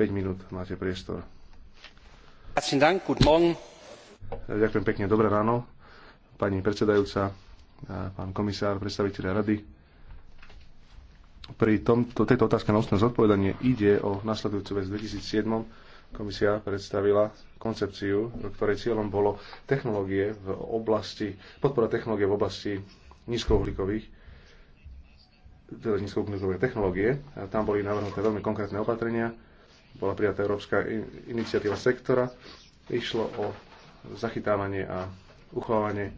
5 minút máte priestor. Ďakujem pekne. Dobré ráno, pani predsedajúca, pán komisár, predstaviteľ rady. Pri tomto, tejto otázke na ústne zodpovedanie ide o nasledujúcu vec. V 2007 komisia predstavila koncepciu, ktorej cieľom bolo technológie v oblasti, podpora technológie v oblasti nízkouhlíkových teda nízkouhlíkové technológie. Tam boli navrhnuté veľmi konkrétne opatrenia, bola prijatá Európska iniciatíva sektora. Išlo o zachytávanie a uchovávanie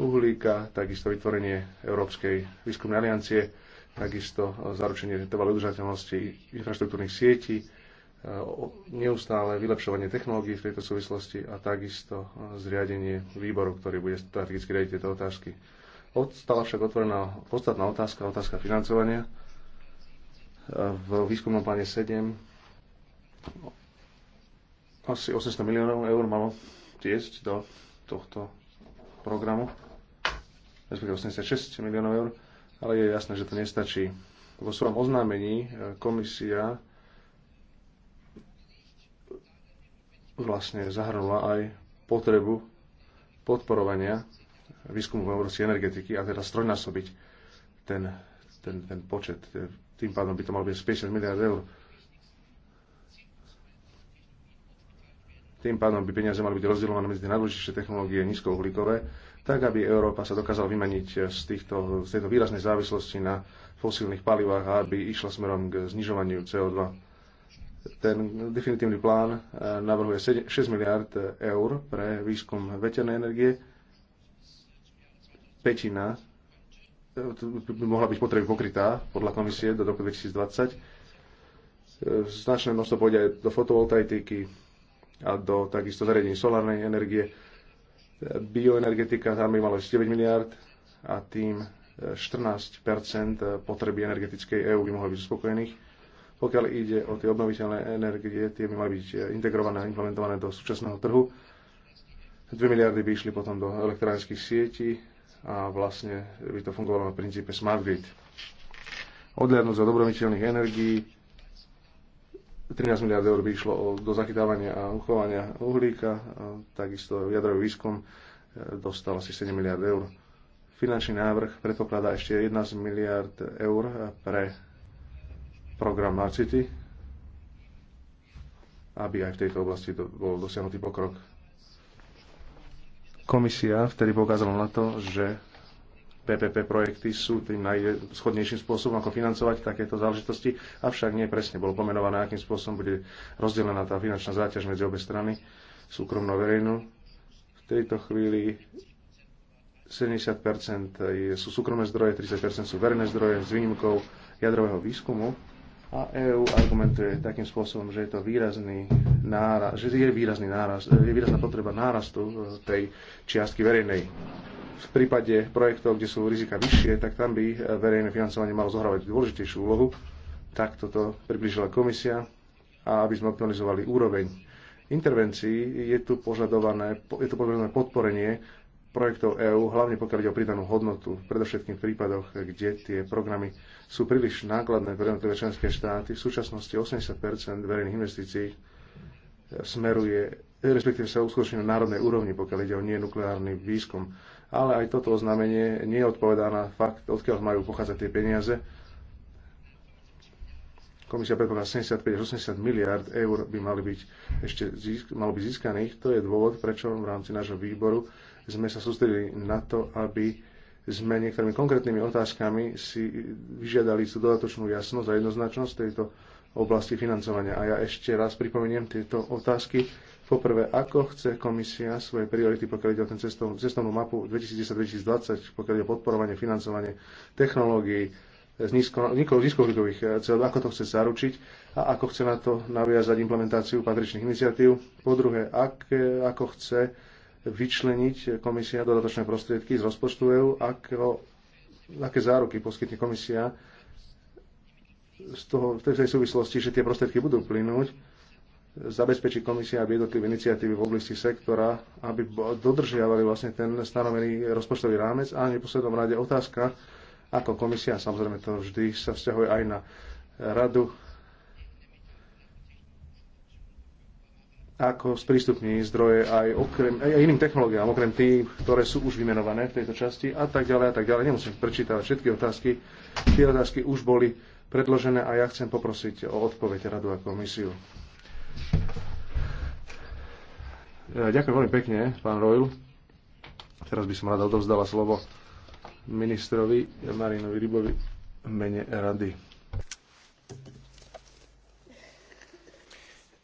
uhlíka, takisto vytvorenie Európskej výskumnej aliancie, takisto zaručenie trvalej udržateľnosti infraštruktúrnych sietí, e, neustále vylepšovanie technológií v tejto súvislosti a takisto zriadenie výboru, ktorý bude strategicky riadiť tieto otázky. Odstala však otvorená podstatná otázka, otázka financovania. E, v výskumnom pláne 7 asi 800 miliónov eur malo tiesť do tohto programu, respektíve 86 miliónov eur, ale je jasné, že to nestačí. Vo svojom oznámení e, komisia vlastne zahrnula aj potrebu podporovania výskumu v oblasti energetiky a teda strojnásobiť ten, ten, ten počet. E, tým pádom by to malo byť 50 miliard eur. Tým pádom by peniaze mali byť rozdielované medzi najdôležitejšie technológie nízkouhlíkové, tak aby Európa sa dokázala vymeniť z, týchto, z tejto výraznej závislosti na fosílnych palivách a aby išla smerom k znižovaniu CO2. Ten definitívny plán eh, navrhuje 6 miliard eur pre výskum veternej energie, petina eh, by mohla byť potreby pokrytá podľa komisie do roku 2020. Eh, značné množstvo pôjde aj do fotovoltaiky, a do takisto zariadení solárnej energie. Bioenergetika, tam by malo 9 miliard a tým 14 e, e, potreby energetickej EÚ by mohlo byť uspokojených. Pokiaľ ide o tie obnoviteľné energie, tie by mali byť e, integrované a implementované do súčasného trhu. 2 miliardy by išli potom do elektronických sietí a vlastne by to fungovalo na princípe smart grid. Odliadnúť za dobromiteľných energií, 13 miliard eur by išlo do zachytávania a uchovania uhlíka, takisto jadrový výskum e, dostal asi 7 miliard eur. Finančný návrh predpokladá ešte 11 miliard eur pre program Marcity, aby aj v tejto oblasti bol dosiahnutý pokrok. Komisia vtedy poukázala na to, že PPP projekty sú tým najschodnejším spôsobom, ako financovať takéto záležitosti, avšak nie presne bolo pomenované, akým spôsobom bude rozdelená tá finančná záťaž medzi obe strany, súkromnú a verejnú. V tejto chvíli 70 sú súkromné zdroje, 30 sú verejné zdroje s výnimkou jadrového výskumu. A EÚ argumentuje takým spôsobom, že je to výrazný náraz, že je výrazný náraz, je výrazná potreba nárastu tej čiastky verejnej v prípade projektov, kde sú rizika vyššie, tak tam by eh, verejné financovanie malo zohrávať dôležitejšiu úlohu. Tak toto približila komisia a aby sme optimalizovali úroveň intervencií, je tu požadované, je tu požadované podporenie projektov EÚ, hlavne pokiaľ ide o pridanú hodnotu, predovšetkým v prípadoch, kde tie programy sú príliš nákladné pre jednotlivé členské štáty. V súčasnosti 80 verejných investícií eh, smeruje, eh, respektíve sa uskutočňuje na národnej úrovni, pokiaľ ide o nenukleárny výskum ale aj toto oznámenie neodpovedá na fakt, odkiaľ majú pochádzať tie peniaze. Komisia predpokladá 75 až 80 miliard eur by mali byť ešte získ- malo byť získaných. To je dôvod, prečo v rámci nášho výboru sme sa sústredili na to, aby sme niektorými konkrétnymi otázkami si vyžiadali tú dodatočnú jasnosť a jednoznačnosť tejto oblasti financovania. A ja ešte raz pripomeniem tieto otázky Poprvé, ako chce komisia svoje priority, pokiaľ ide o ten cestovnú, cestovnú mapu 2010-2020, pokiaľ ide o podporovanie, financovanie technológií z nízko, nízkouhlíkových eh, cieľov, ako to chce zaručiť a ako chce na to naviazať implementáciu patričných iniciatív. Po druhé, ak, ako chce vyčleniť komisia dodatočné prostriedky z rozpočtu EU, ako, aké záruky poskytne komisia z toho, v tej súvislosti, že tie prostriedky budú plynúť zabezpečí komisia, aby jednotlivé iniciatívy v oblasti sektora, aby dodržiavali vlastne ten stanovený rozpočtový rámec a v neposlednom rade otázka, ako komisia, samozrejme to vždy sa vzťahuje aj na radu, ako sprístupní zdroje aj, okrem, aj iným technológiám, okrem tých, ktoré sú už vymenované v tejto časti a tak ďalej a tak ďalej. Nemusím prečítať všetky otázky. Tie otázky už boli predložené a ja chcem poprosiť o odpoveď radu a komisiu. E, ďakujem veľmi pekne, pán Rojl. Teraz by som rada odovzdala slovo ministrovi Marinovi Rybovi v mene rady.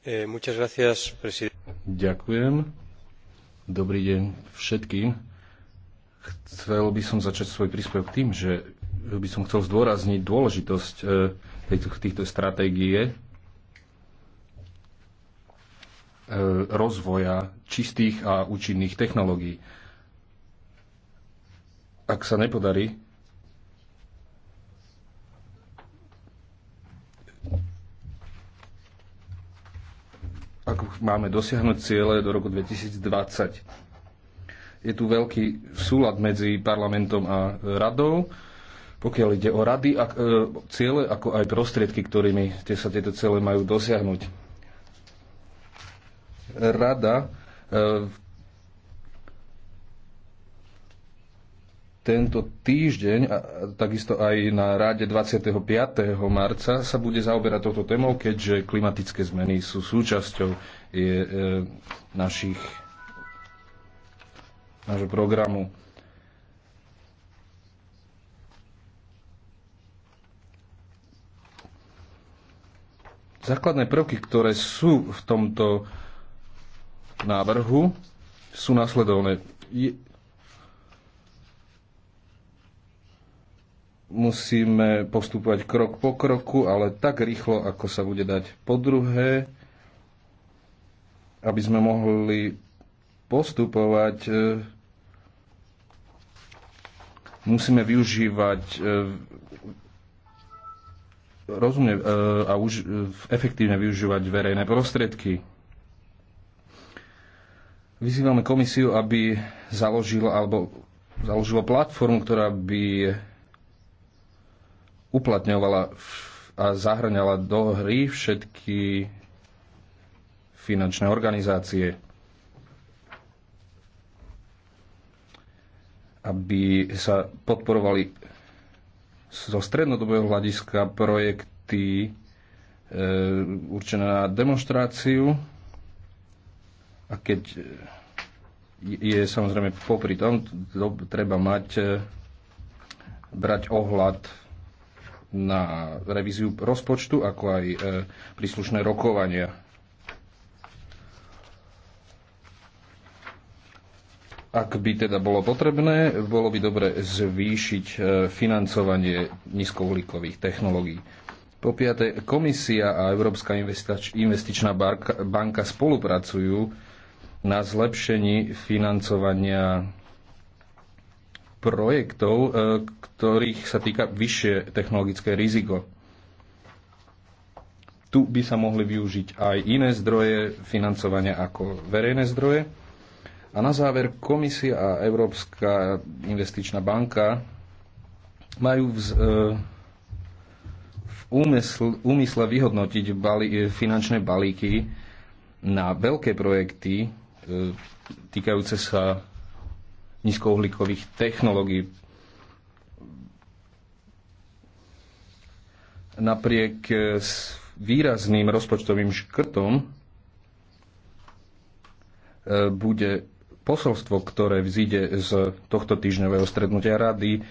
E, ďakujem. Dobrý deň všetkým. Chcel by som začať svoj príspevok tým, že by som chcel zdôrazniť dôležitosť e, týchto stratégie E, rozvoja čistých a účinných technológií. Ak sa nepodarí ak máme dosiahnuť ciele do roku 2020. Je tu veľký súlad medzi parlamentom a radou, pokiaľ ide o rady, a, e, ciele, ako aj prostriedky, ktorými tie sa tieto ciele majú dosiahnuť rada e, tento týždeň, a takisto aj na ráde 25. marca, sa bude zaoberať touto témou, keďže klimatické zmeny sú súčasťou je, e, našich, nášho programu. Základné prvky, ktoré sú v tomto návrhu sú nasledovné. Je... Musíme postupovať krok po kroku, ale tak rýchlo, ako sa bude dať. Po druhé, aby sme mohli postupovať, e, musíme využívať e, rozumne e, a už efektívne využívať verejné prostriedky Vyzývame komisiu, aby založila alebo založilo platformu, ktorá by uplatňovala a zahrňala do hry všetky finančné organizácie, aby sa podporovali zo strednodobého hľadiska projekty e, určené na demonstráciu a keď e, je samozrejme popri tom, treba mať, e, brať ohľad na revíziu rozpočtu, ako aj e, príslušné rokovania. Ak by teda bolo potrebné, bolo by dobre zvýšiť financovanie nízkouhlíkových technológií. Po piate, komisia a Európska investič- investičná banka spolupracujú na zlepšení financovania projektov, e, ktorých sa týka vyššie technologické riziko. Tu by sa mohli využiť aj iné zdroje financovania ako verejné zdroje. A na záver, Komisia a Európska investičná banka majú v, e, v úmysl, úmysle vyhodnotiť bali, e, finančné balíky na veľké projekty E, týkajúce sa nízkouhlíkových technológií. Napriek e, výrazným rozpočtovým škrtom e, bude posolstvo, ktoré vzíde z tohto týždňového strednutia rady,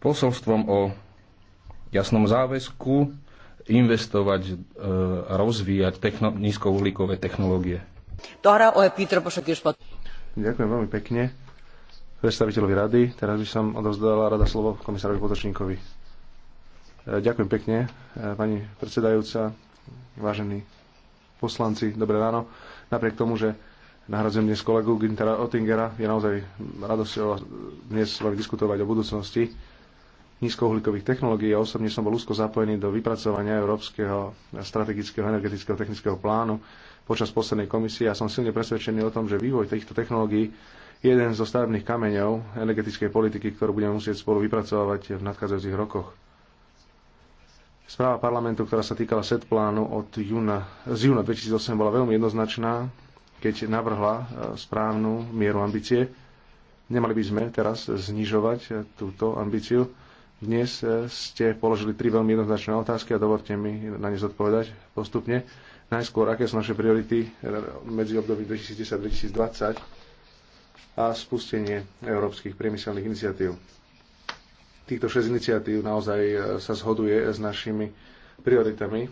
posolstvom o jasnom záväzku investovať a rozvíjať techno- nízkouhlíkové technológie. Ďakujem veľmi pekne predstaviteľovi rady. Teraz by som odovzdala rada slovo komisárovi Potočníkovi. E, ďakujem pekne, e, pani predsedajúca, vážení poslanci, dobré ráno. Napriek tomu, že nahradzujem dnes kolegu Gintera Ottingera, je naozaj radosť dnes s vami diskutovať o budúcnosti nízkouhlíkových technológií. Ja osobne som bol úzko zapojený do vypracovania Európskeho strategického energetického technického plánu, počas poslednej komisie a som silne presvedčený o tom, že vývoj týchto technológií je jeden zo stavebných kameňov energetickej politiky, ktorú budeme musieť spolu vypracovať v nadchádzajúcich rokoch. Správa parlamentu, ktorá sa týkala set plánu od júna, z júna 2008 bola veľmi jednoznačná, keď navrhla e, správnu mieru ambície. Nemali by sme teraz znižovať túto ambíciu dnes e, ste položili tri veľmi jednoznačné otázky a dovolte mi na ne zodpovedať postupne. Najskôr, aké sú naše priority e, medzi období 2010-2020 a spustenie európskych priemyselných iniciatív. Týchto šesť iniciatív naozaj e, sa zhoduje s našimi prioritami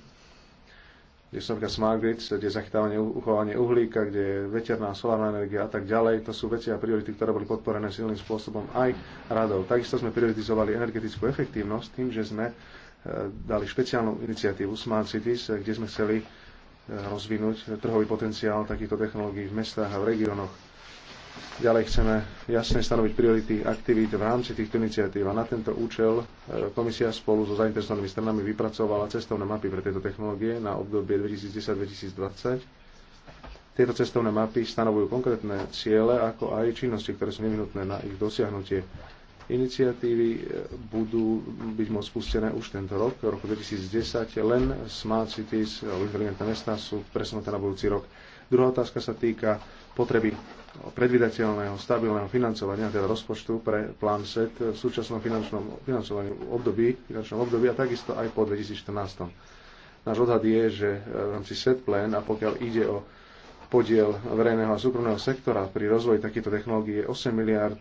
kde sú napríklad smart grids, kde je zachytávanie, uchovanie uhlíka, kde je veterná, solárna energia a tak ďalej. To sú veci a priority, ktoré boli podporené silným spôsobom aj radou. Takisto sme prioritizovali energetickú efektívnosť tým, že sme e, dali špeciálnu iniciatívu Smart Cities, e, kde sme chceli e, rozvinúť trhový potenciál takýchto technológií v mestách a v regiónoch Ďalej chceme jasne stanoviť priority aktivít v rámci týchto iniciatív a na tento účel e, komisia spolu so zainteresovanými stranami vypracovala cestovné mapy pre tieto technológie na obdobie 2010-2020 tieto cestovné mapy stanovujú konkrétne ciele, ako aj činnosti, ktoré sú nevyhnutné na ich dosiahnutie. Iniciatívy e, budú byť môcť spustené už tento rok, v roku 2010. Len Smart Cities, alebo inteligentné mesta, sú presunuté na budúci rok. Druhá otázka sa týka potreby predvydateľného, stabilného financovania, teda rozpočtu pre plán SET v súčasnom finančnom financovaní období, finančnom období a takisto aj po 2014. Náš odhad je, že e, v rámci SET plán a pokiaľ ide o podiel verejného a súkromného sektora pri rozvoji takýchto technológií je 8 miliard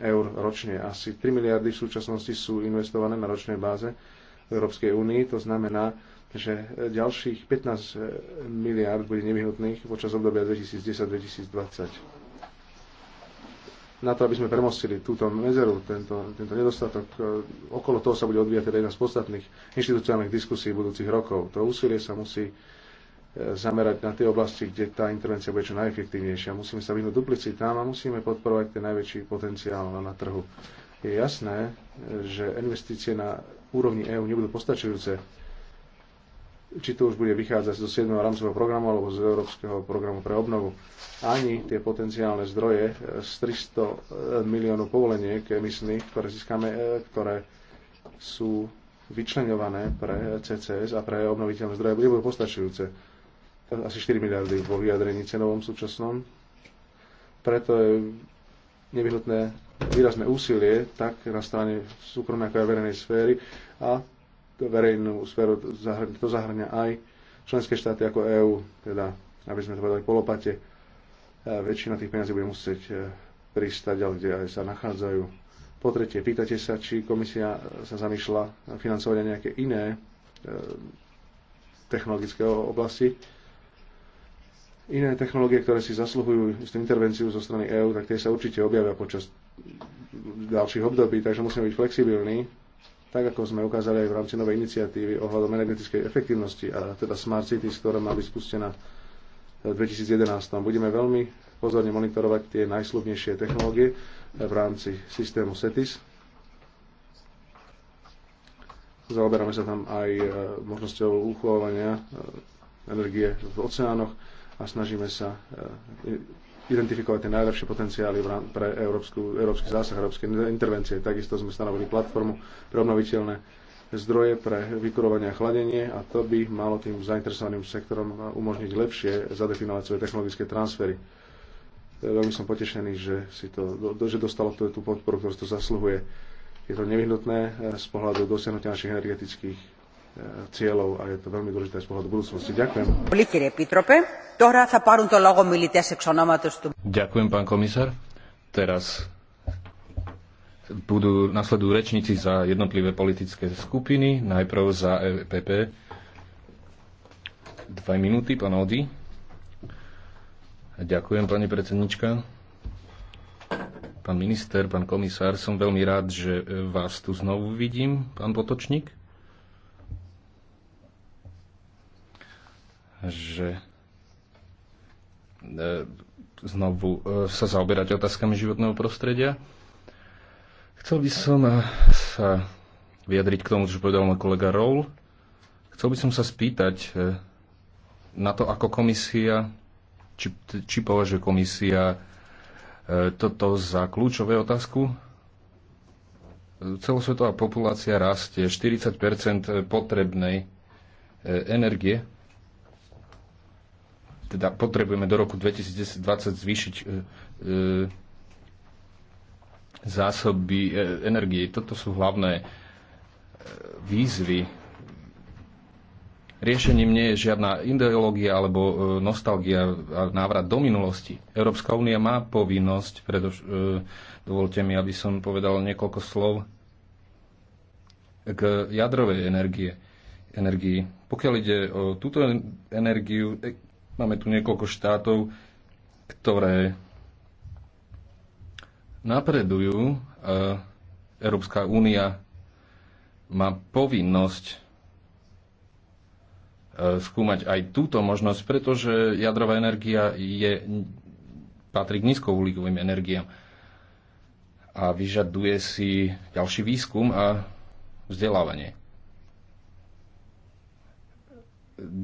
eur ročne. Asi 3 miliardy v súčasnosti sú investované na ročnej báze v Európskej únii, to znamená, že ďalších 15 e, miliárd bude nevyhnutných počas obdobia 2010-2020. Na to, aby sme premostili túto mezeru, tento, tento nedostatok, e, okolo toho sa bude odvíjať teda jedna z podstatných inštitucionálnych diskusí budúcich rokov. To úsilie sa musí e, zamerať na tie oblasti, kde tá intervencia bude čo najefektívnejšia. Musíme sa vyhnúť duplicitám a musíme podporovať ten najväčší potenciál na trhu. Je jasné, že investície na úrovni EÚ nebudú postačujúce či to už bude vychádzať zo 7. rámcového programu alebo z Európskeho programu pre obnovu. Ani tie potenciálne zdroje e, z 300 e, miliónov povoleniek emisných, ktoré získame, e, ktoré sú vyčlenované pre CCS a pre obnoviteľné zdroje, nebudú postačujúce. Asi 4 miliardy vo vyjadrení cenovom súčasnom. Preto je nevyhnutné výrazné úsilie tak na strane súkromnej ako aj verejnej sféry a tú verejnú sféru, to zahrňa aj členské štáty ako EÚ, teda, aby sme to povedali polopate, e, väčšina tých peniazí bude musieť e, pristať, ale kde aj sa nachádzajú. Po tretie, pýtate sa, či komisia sa zamýšľa financovať aj nejaké iné e, technologické oblasti. Iné technológie, ktoré si zasluhujú istú intervenciu zo strany EÚ, tak tie sa určite objavia počas ďalších období, takže musíme byť flexibilní tak ako sme ukázali aj v rámci novej iniciatívy ohľadom energetickej efektívnosti, a teda Smart Cities, ktorá má byť spustená v 2011. Budeme veľmi pozorne monitorovať tie najslubnejšie technológie v rámci systému SETIS. Zaoberáme sa tam aj e, možnosťou uchovávania e, energie v oceánoch a snažíme sa e, identifikovať tie najlepšie potenciály pre európsku, európsky zásah, európske intervencie. Takisto sme stanovili platformu pre obnoviteľné zdroje pre vykurovanie a chladenie a to by malo tým zainteresovaným sektorom umožniť lepšie zadefinovať svoje technologické transfery. E, veľmi som potešený, že, si to, že dostalo to, tú podporu, ktorú to zasluhuje. Je to nevyhnutné e, z pohľadu dosiahnutia našich energetických cieľov a je to veľmi dôležité z pohľadu budúcnosti. Ďakujem. Ďakujem, pán komisár. Teraz budú nasledujú rečníci za jednotlivé politické skupiny. Najprv za EPP. Dva minúty, pán Odi. Ďakujem, pani predsednička. Pán minister, pán komisár, som veľmi rád, že vás tu znovu vidím, pán Potočník že e, znovu e, sa zaoberať otázkami životného prostredia. Chcel by som e, sa vyjadriť k tomu, čo povedal môj kolega Roll. Chcel by som sa spýtať na to, ako komisia, či, či považuje komisia toto za kľúčové otázku. Celosvetová populácia rastie 40 potrebnej energie teda potrebujeme do roku 2020 zvýšiť e, e, zásoby e, energie. Toto sú hlavné výzvy. Riešením nie je žiadna ideológia alebo nostalgia a návrat do minulosti. Európska únia má povinnosť, pretože dovolte mi, aby som povedal niekoľko slov k jadrovej energie, energii. Pokiaľ ide o túto energiu, Máme tu niekoľko štátov, ktoré napredujú. Eh, Európska únia má povinnosť eh, skúmať aj túto možnosť, pretože jadrová energia je, patrí k nízkouhlíkovým energiám a vyžaduje si ďalší výskum a vzdelávanie.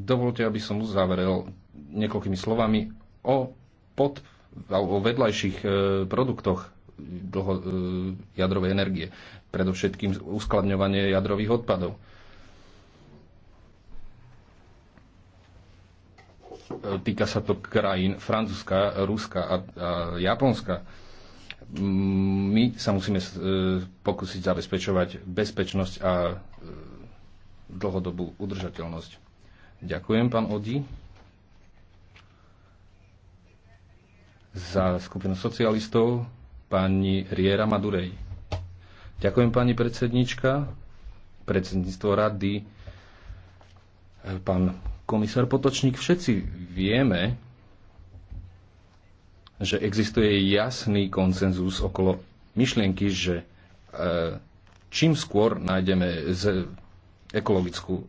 Dovolte, aby som uzavrel niekoľkými slovami o, pod, o vedľajších e, produktoch dlho, e, jadrovej energie. Predovšetkým uskladňovanie jadrových odpadov. E, týka sa to krajín Francúzska, Ruska a, a Japonska. My sa musíme pokúsiť zabezpečovať bezpečnosť a dlhodobú udržateľnosť. Ďakujem, pán Odi. Za skupinu socialistov pani Riera Madurej. Ďakujem pani predsednička, predsedníctvo rady, e, pán komisár Potočník. Všetci vieme, že existuje jasný konsenzus okolo myšlienky, že e, čím skôr nájdeme z ekologickú e,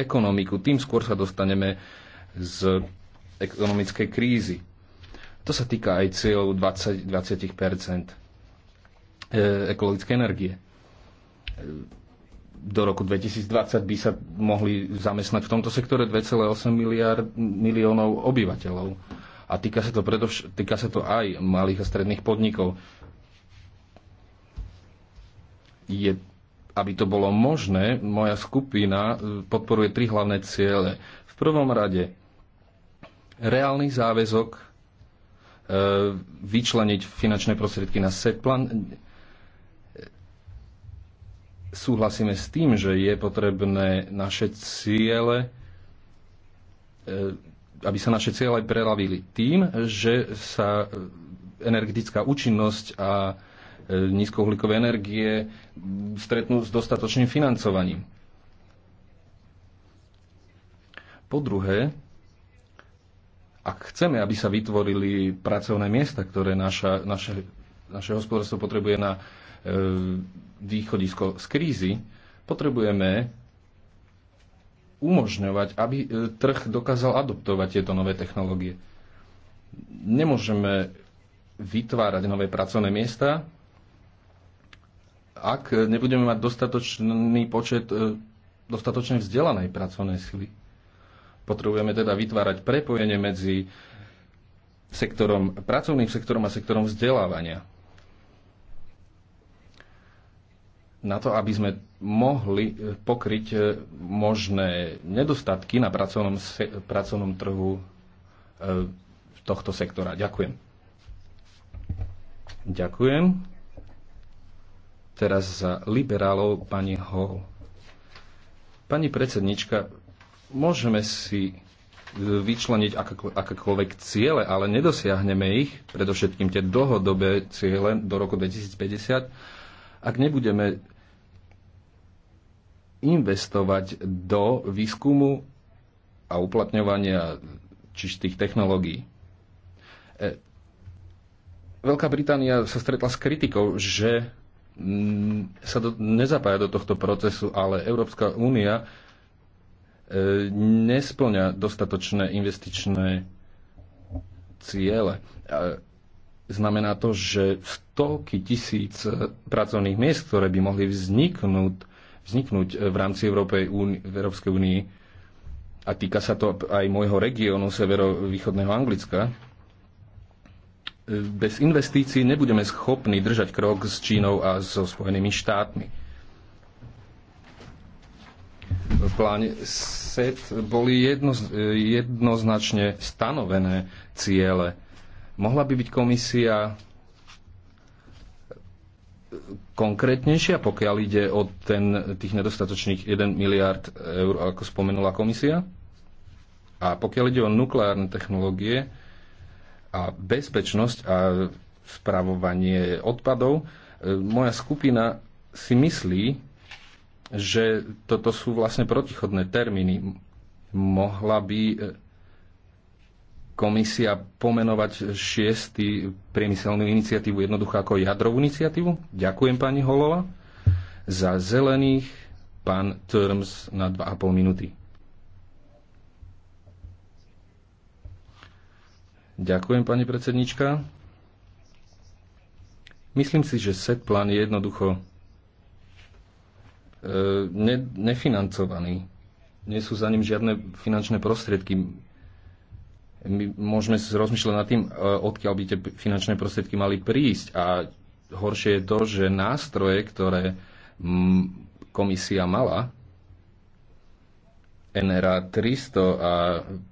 ekonomiku, tým skôr sa dostaneme z ekonomickej krízy. To sa týka aj cieľov 20, 20 ekologické energie. E, do roku 2020 by sa mohli zamestnať v tomto sektore 2,8 miliard, miliónov obyvateľov. A týka sa, to predovš- týka sa to aj malých a stredných podnikov. Je aby to bolo možné, moja skupina e, podporuje tri hlavné ciele. V prvom rade reálny záväzok E, vyčleniť finančné prostriedky na set plan. Súhlasíme s tým, že je potrebné naše ciele, e, aby sa naše ciele prelavili tým, že sa energetická účinnosť a e, nízkouhlíkové energie stretnú s dostatočným financovaním. Po druhé, ak chceme, aby sa vytvorili pracovné miesta, ktoré naša, naše, naše hospodárstvo potrebuje na e, východisko z krízy, potrebujeme umožňovať, aby e, trh dokázal adoptovať tieto nové technológie. Nemôžeme vytvárať nové pracovné miesta, ak nebudeme mať dostatočný počet e, dostatočne vzdelanej pracovnej sily. Potrebujeme teda vytvárať prepojenie medzi sektorom, pracovným sektorom a sektorom vzdelávania. Na to, aby sme mohli eh, pokryť eh, možné nedostatky na pracovnom, pracovnom trhu eh, tohto sektora. Ďakujem. Ďakujem. Teraz za liberálov pani Hall. Pani predsednička, Môžeme si e, vyčleniť akékoľvek ciele, ale nedosiahneme ich, predovšetkým tie dlhodobé ciele do roku 2050, ak nebudeme investovať do výskumu a uplatňovania čistých technológií. E, Veľká Británia sa stretla s kritikou, že mm, sa do, nezapája do tohto procesu, ale Európska únia E, nesplňa dostatočné investičné ciele. Znamená to, že stovky tisíc pracovných miest, ktoré by mohli vzniknúť, vzniknúť v rámci Európej, Európskej únii a týka sa to aj môjho regiónu severovýchodného Anglicka, e, bez investícií nebudeme schopní držať krok s Čínou a so Spojenými štátmi pláne SET boli jedno, jednoznačne stanovené ciele. Mohla by byť komisia konkrétnejšia, pokiaľ ide o ten, tých nedostatočných 1 miliard eur, ako spomenula komisia? A pokiaľ ide o nukleárne technológie a bezpečnosť a spravovanie odpadov, e, moja skupina si myslí, že toto sú vlastne protichodné termíny. Mohla by e, komisia pomenovať šiestý priemyselnú iniciatívu jednoducho ako jadrovú iniciatívu? Ďakujem pani Holova. Za zelených pán Terms na 2,5 minúty. Ďakujem, pani predsednička. Myslím si, že set plán je jednoducho E, ne, nefinancovaný. Nie sú za ním žiadne finančné prostriedky. My môžeme rozmýšľať nad tým, e, odkiaľ by tie finančné prostriedky mali prísť. A horšie je to, že nástroje, ktoré komisia mala, NRA 300 a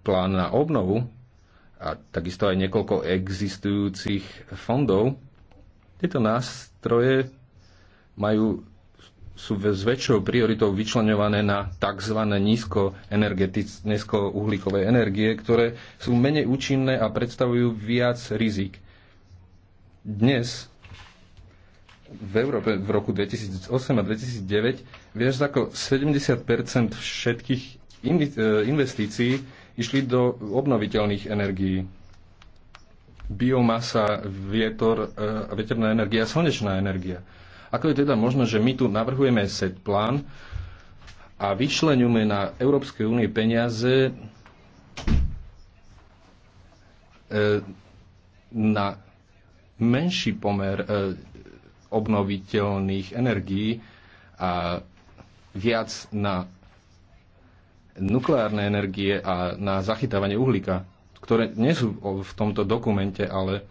plán na obnovu, a takisto aj niekoľko existujúcich fondov, tieto nástroje majú sú s väčšou prioritou vyčlenované na tzv. nízko nízkouhlíkové energie, ktoré sú menej účinné a predstavujú viac rizik. Dnes v Európe v roku 2008 a 2009 viac ako 70 všetkých e, investícií išli do obnoviteľných energií. Biomasa, vietor, e, veterná energia slnečná energia ako je teda možno, že my tu navrhujeme set plán a vyšleniume na Európskej únie peniaze e, na menší pomer e, obnoviteľných energií a viac na nukleárne energie a na zachytávanie uhlíka, ktoré nie sú v tomto dokumente, ale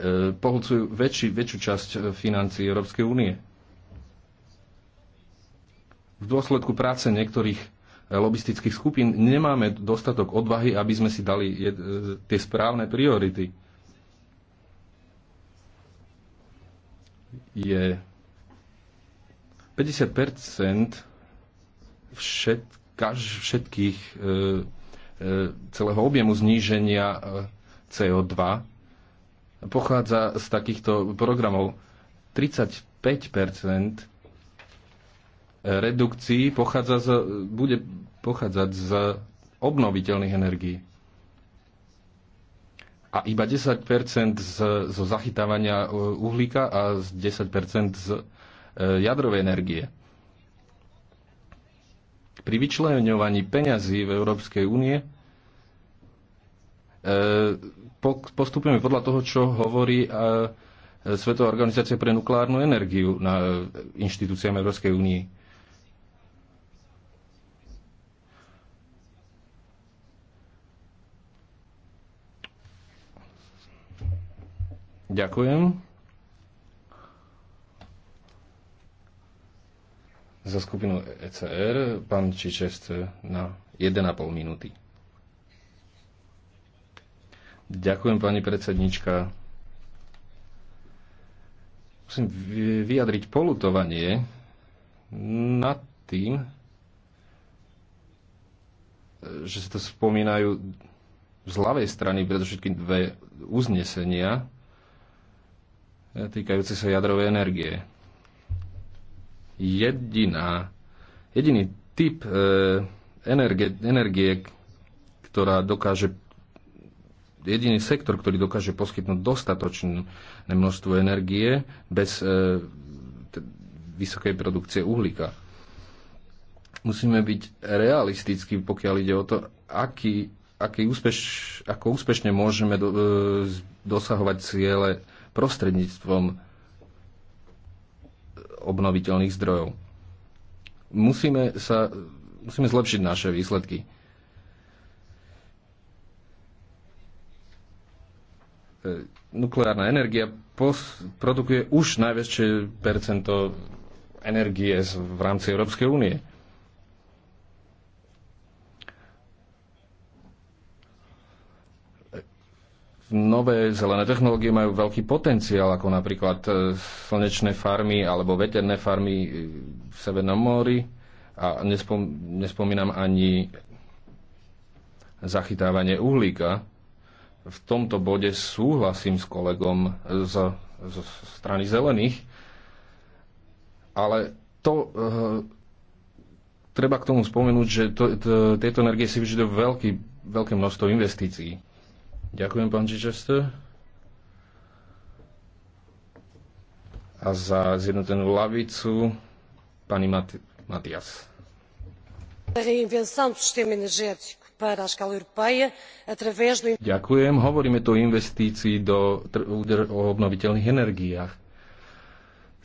E, pohľcujú väčší, väčšiu časť e, financií Európskej únie. V dôsledku práce niektorých e, lobistických skupín nemáme dostatok odvahy, aby sme si dali tie správne priority. Je 50 všet, kaž, všetkých e, e, celého objemu zníženia CO2 pochádza z takýchto programov. 35 redukcií pochádza z, bude pochádzať z obnoviteľných energií. A iba 10 z, zo zachytávania e, uhlíka a 10 z e, jadrovej energie. Pri vyčlenovaní peňazí v Európskej únie e, postupujeme podľa toho, čo hovorí e, Svetová organizácia pre nukleárnu energiu na e, inštitúciám Európskej únie. Ďakujem. Za skupinu ECR pán Čičest na 1,5 minúty. Ďakujem, pani predsednička. Musím vyjadriť polutovanie nad tým, že sa to spomínajú z ľavej strany predovšetkým dve uznesenia e, týkajúce sa jadrovej energie. Jediná, jediný typ e, energie, energie, ktorá dokáže jediný sektor, ktorý dokáže poskytnúť dostatočné množstvo energie bez e, vysokej produkcie uhlíka. Musíme byť realistickí, pokiaľ ide o to, aký, aký úspeš, ako úspešne môžeme do, e, dosahovať ciele prostredníctvom obnoviteľných zdrojov. Musíme, sa, musíme zlepšiť naše výsledky E, nukleárna energia produkuje už najväčšie percento energie v rámci Európskej únie. Nové zelené technológie majú veľký potenciál, ako napríklad e, slnečné farmy alebo veterné farmy e, v Severnom mori a nespom- nespomínam ani zachytávanie uhlíka, v tomto bode súhlasím s kolegom z, z strany zelených, ale to e, treba k tomu spomenúť, že to, to, tieto energie si vyžadujú veľký, veľké množstvo investícií. Ďakujem, pán Chichester. A za zjednotenú lavicu pani Mat- Matias. Reinvenção do sistema energético Ďakujem. Hovoríme tu o investícii do, o obnoviteľných energiách.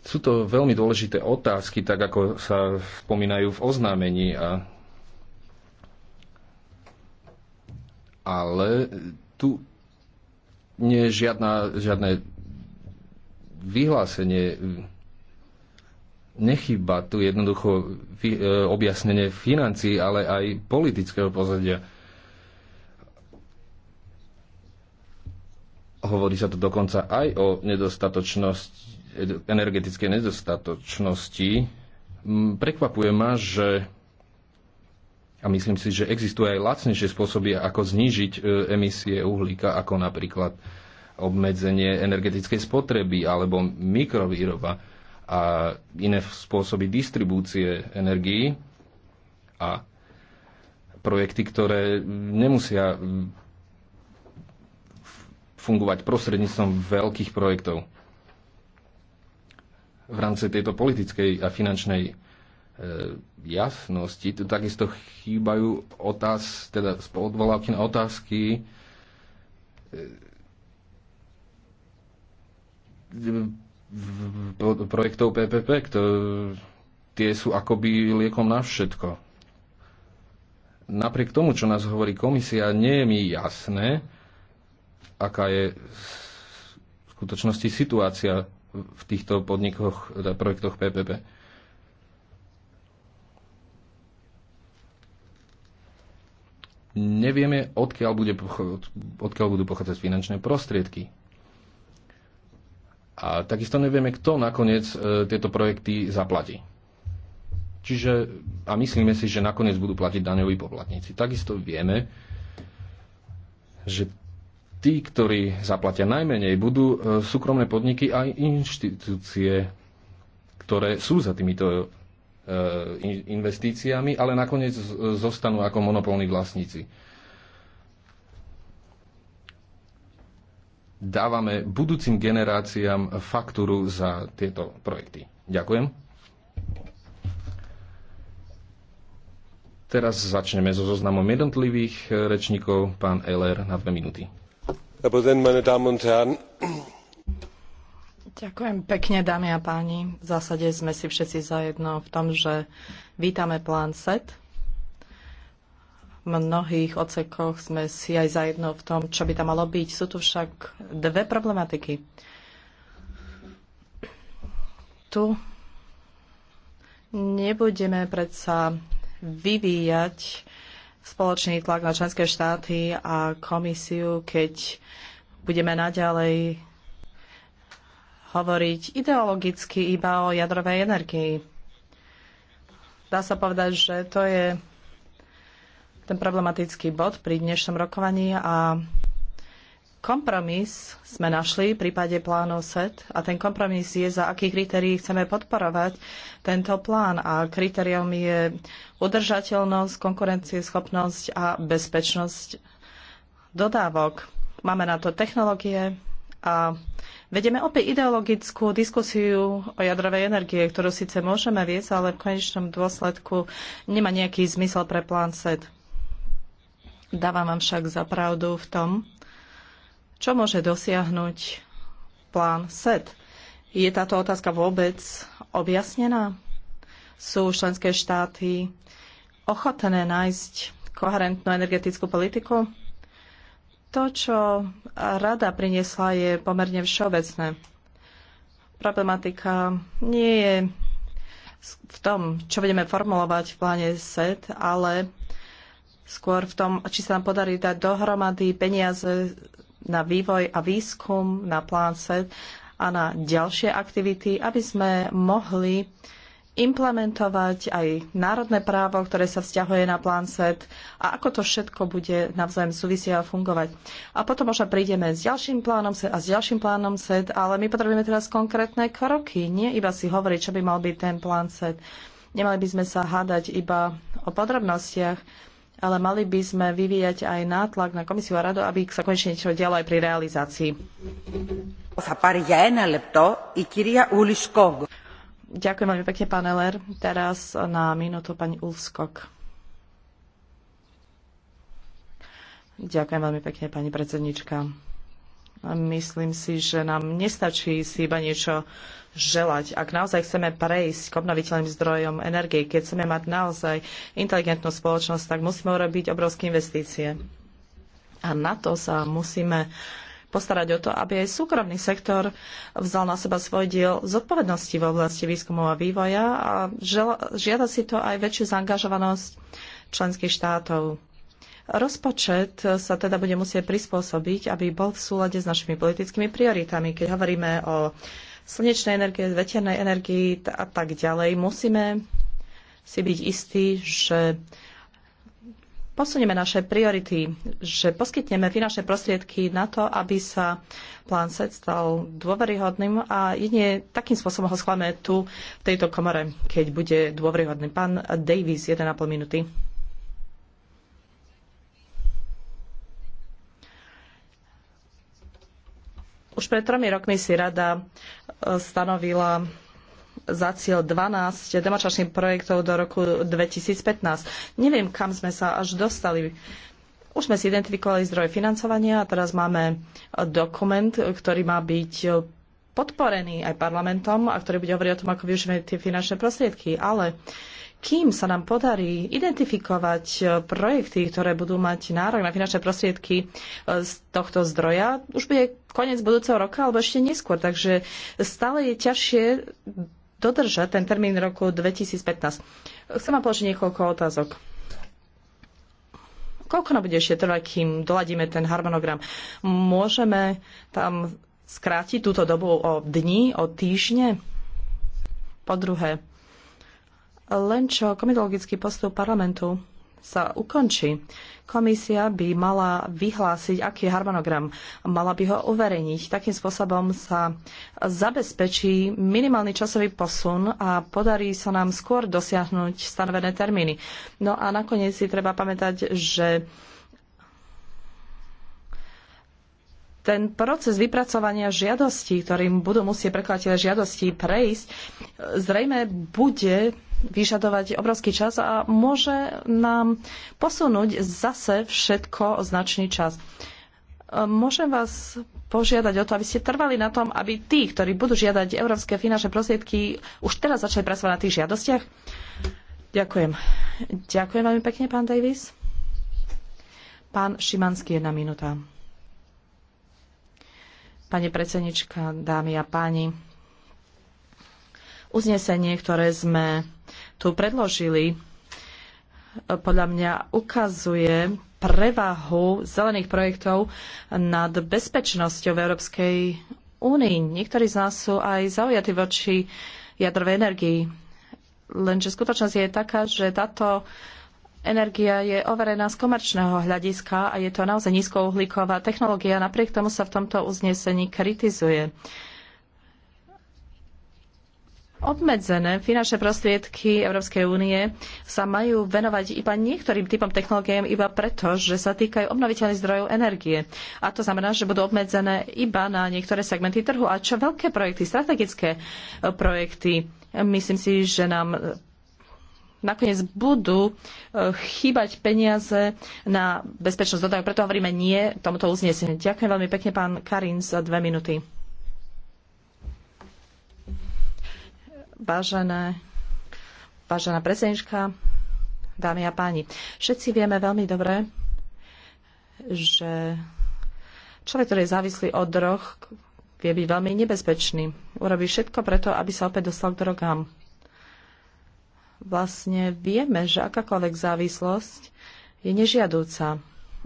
Sú to veľmi dôležité otázky, tak ako sa spomínajú v oznámení. A... Ale tu nie je žiadna, žiadne vyhlásenie nechýba tu jednoducho e, objasnenie financií, ale aj politického pozadia. Hovorí sa tu dokonca aj o nedostatočnosť, energetickej nedostatočnosti. Prekvapuje ma, že a myslím si, že existujú aj lacnejšie spôsoby, ako znížiť e, emisie uhlíka, ako napríklad obmedzenie energetickej spotreby alebo mikrovýroba a iné spôsoby distribúcie energií a projekty, ktoré nemusia fungovať prostredníctvom veľkých projektov. V rámci tejto politickej a finančnej e, jasnosti. Tu takisto chýbajú otáz, teda odvolávky na otázky e, projektov PPP, ktoré, tie sú akoby liekom na všetko. Napriek tomu, čo nás hovorí komisia, nie je mi jasné, aká je v skutočnosti situácia v týchto podnikoch, v teda projektoch PPP. Nevieme, odkiaľ, bude, odkiaľ budú pochádzať finančné prostriedky. A takisto nevieme, kto nakoniec e, tieto projekty zaplatí. Čiže, a myslíme si, že nakoniec budú platiť daňoví poplatníci. Takisto vieme, že tí, ktorí zaplatia najmenej, budú e, súkromné podniky a inštitúcie, ktoré sú za týmito e, investíciami, ale nakoniec zostanú ako monopolní vlastníci. dávame budúcim generáciám faktúru za tieto projekty. Ďakujem. Teraz začneme so zoznamom jednotlivých rečníkov. Pán Eller na dve minúty. Ďakujem pekne, dámy a páni. V zásade sme si všetci zajedno v tom, že vítame plán SET, mnohých ocekoch sme si aj zajedno v tom, čo by tam malo byť. Sú tu však dve problematiky. Tu nebudeme predsa vyvíjať spoločný tlak na členské štáty a komisiu, keď budeme naďalej hovoriť ideologicky iba o jadrovej energii. Dá sa povedať, že to je ten problematický bod pri dnešnom rokovaní a kompromis sme našli v prípade plánov SET a ten kompromis je, za akých kritérií chceme podporovať tento plán a kritériom je udržateľnosť, konkurencieschopnosť a bezpečnosť dodávok. Máme na to technológie a Vedeme opäť ideologickú diskusiu o jadrovej energie, ktorú síce môžeme viesť, ale v konečnom dôsledku nemá nejaký zmysel pre plán SET. Dávam vám však za pravdu v tom, čo môže dosiahnuť plán SET. Je táto otázka vôbec objasnená? Sú členské štáty ochotné nájsť koherentnú energetickú politiku? To, čo rada priniesla, je pomerne všeobecné. Problematika nie je v tom, čo budeme formulovať v pláne SET, ale skôr v tom, či sa nám podarí dať dohromady peniaze na vývoj a výskum, na plán SET a na ďalšie aktivity, aby sme mohli implementovať aj národné právo, ktoré sa vzťahuje na plán SET a ako to všetko bude navzájom súvisieť a fungovať. A potom možno prídeme s ďalším plánom SET a s ďalším plánom SET, ale my potrebujeme teraz konkrétne kroky, nie iba si hovoriť, čo by mal byť ten plán SET. Nemali by sme sa hádať iba o podrobnostiach, ale mali by sme vyvíjať aj nátlak na komisiu a rado, aby sa konečne niečo dialo aj pri realizácii. Ďakujem veľmi pekne, pán Eller. Teraz na minútu pani Ulfskog. Ďakujem veľmi pekne, pani predsednička. Myslím si, že nám nestačí si iba niečo želať. Ak naozaj chceme prejsť k obnoviteľným zdrojom energie, keď chceme mať naozaj inteligentnú spoločnosť, tak musíme urobiť obrovské investície. A na to sa musíme postarať o to, aby aj súkromný sektor vzal na seba svoj diel zodpovednosti v oblasti výskumu a vývoja a žiada si to aj väčšiu zaangažovanosť členských štátov. Rozpočet sa teda bude musieť prispôsobiť, aby bol v súlade s našimi politickými prioritami. Keď hovoríme o slnečnej energie, veternej energii a tak ďalej, musíme si byť istí, že posunieme naše priority, že poskytneme finančné prostriedky na to, aby sa plán SET stal dôveryhodným a jedine takým spôsobom ho schváme tu v tejto komore, keď bude dôveryhodný. Pán Davis, 1,5 minúty. Už pred tromi rokmi si rada e, stanovila za cieľ 12 demonstračných projektov do roku 2015. Neviem, kam sme sa až dostali. Už sme si identifikovali zdroje financovania a teraz máme dokument, ktorý má byť podporený aj parlamentom a ktorý bude hovoriť o tom, ako využívame tie finančné prostriedky. Ale kým sa nám podarí identifikovať e, projekty, ktoré budú mať nárok na finančné prostriedky e, z tohto zdroja, už bude koniec budúceho roka alebo ešte neskôr. Takže stále je ťažšie dodržať ten termín roku 2015. Chcem vám položiť niekoľko otázok. Koľko nám bude ešte trvať, kým doladíme ten harmonogram? Môžeme tam skrátiť túto dobu o dni, o týždne? Po druhé, len čo komitologický postup parlamentu sa ukončí, komisia by mala vyhlásiť, aký harmonogram. Mala by ho uverejniť. Takým spôsobom sa zabezpečí minimálny časový posun a podarí sa nám skôr dosiahnuť stanovené termíny. No a nakoniec si treba pamätať, že ten proces vypracovania žiadostí, ktorým budú musieť prekladateľe žiadosti prejsť, zrejme bude vyžadovať obrovský čas a môže nám posunúť zase všetko o značný čas. Môžem vás požiadať o to, aby ste trvali na tom, aby tí, ktorí budú žiadať európske finančné prostriedky, už teraz začali pracovať na tých žiadostiach? Ďakujem. Ďakujem veľmi pekne, pán Davis. Pán Šimanský, jedna minúta. Pani predsednička, dámy a páni, uznesenie, ktoré sme tu predložili, podľa mňa ukazuje prevahu zelených projektov nad bezpečnosťou v Európskej únii. Niektorí z nás sú aj zaujatí voči jadrovej energii. Lenže skutočnosť je taká, že táto energia je overená z komerčného hľadiska a je to naozaj nízkouhlíková technológia. Napriek tomu sa v tomto uznesení kritizuje obmedzené. Finančné prostriedky Európskej únie sa majú venovať iba niektorým typom technológiám iba preto, že sa týkajú obnoviteľných zdrojov energie. A to znamená, že budú obmedzené iba na niektoré segmenty trhu. A čo veľké projekty, strategické e, projekty, myslím si, že nám e, nakoniec budú e, chýbať peniaze na bezpečnosť dodávok. Preto hovoríme nie tomuto uzneseniu. Ďakujem veľmi pekne, pán Karin, za dve minúty. Vážené, vážená predsednička, dámy a páni, všetci vieme veľmi dobre, že človek, ktorý je závislý od droh, vie byť veľmi nebezpečný. Urobí všetko preto, aby sa opäť dostal k drogám. Vlastne vieme, že akákoľvek závislosť je nežiadúca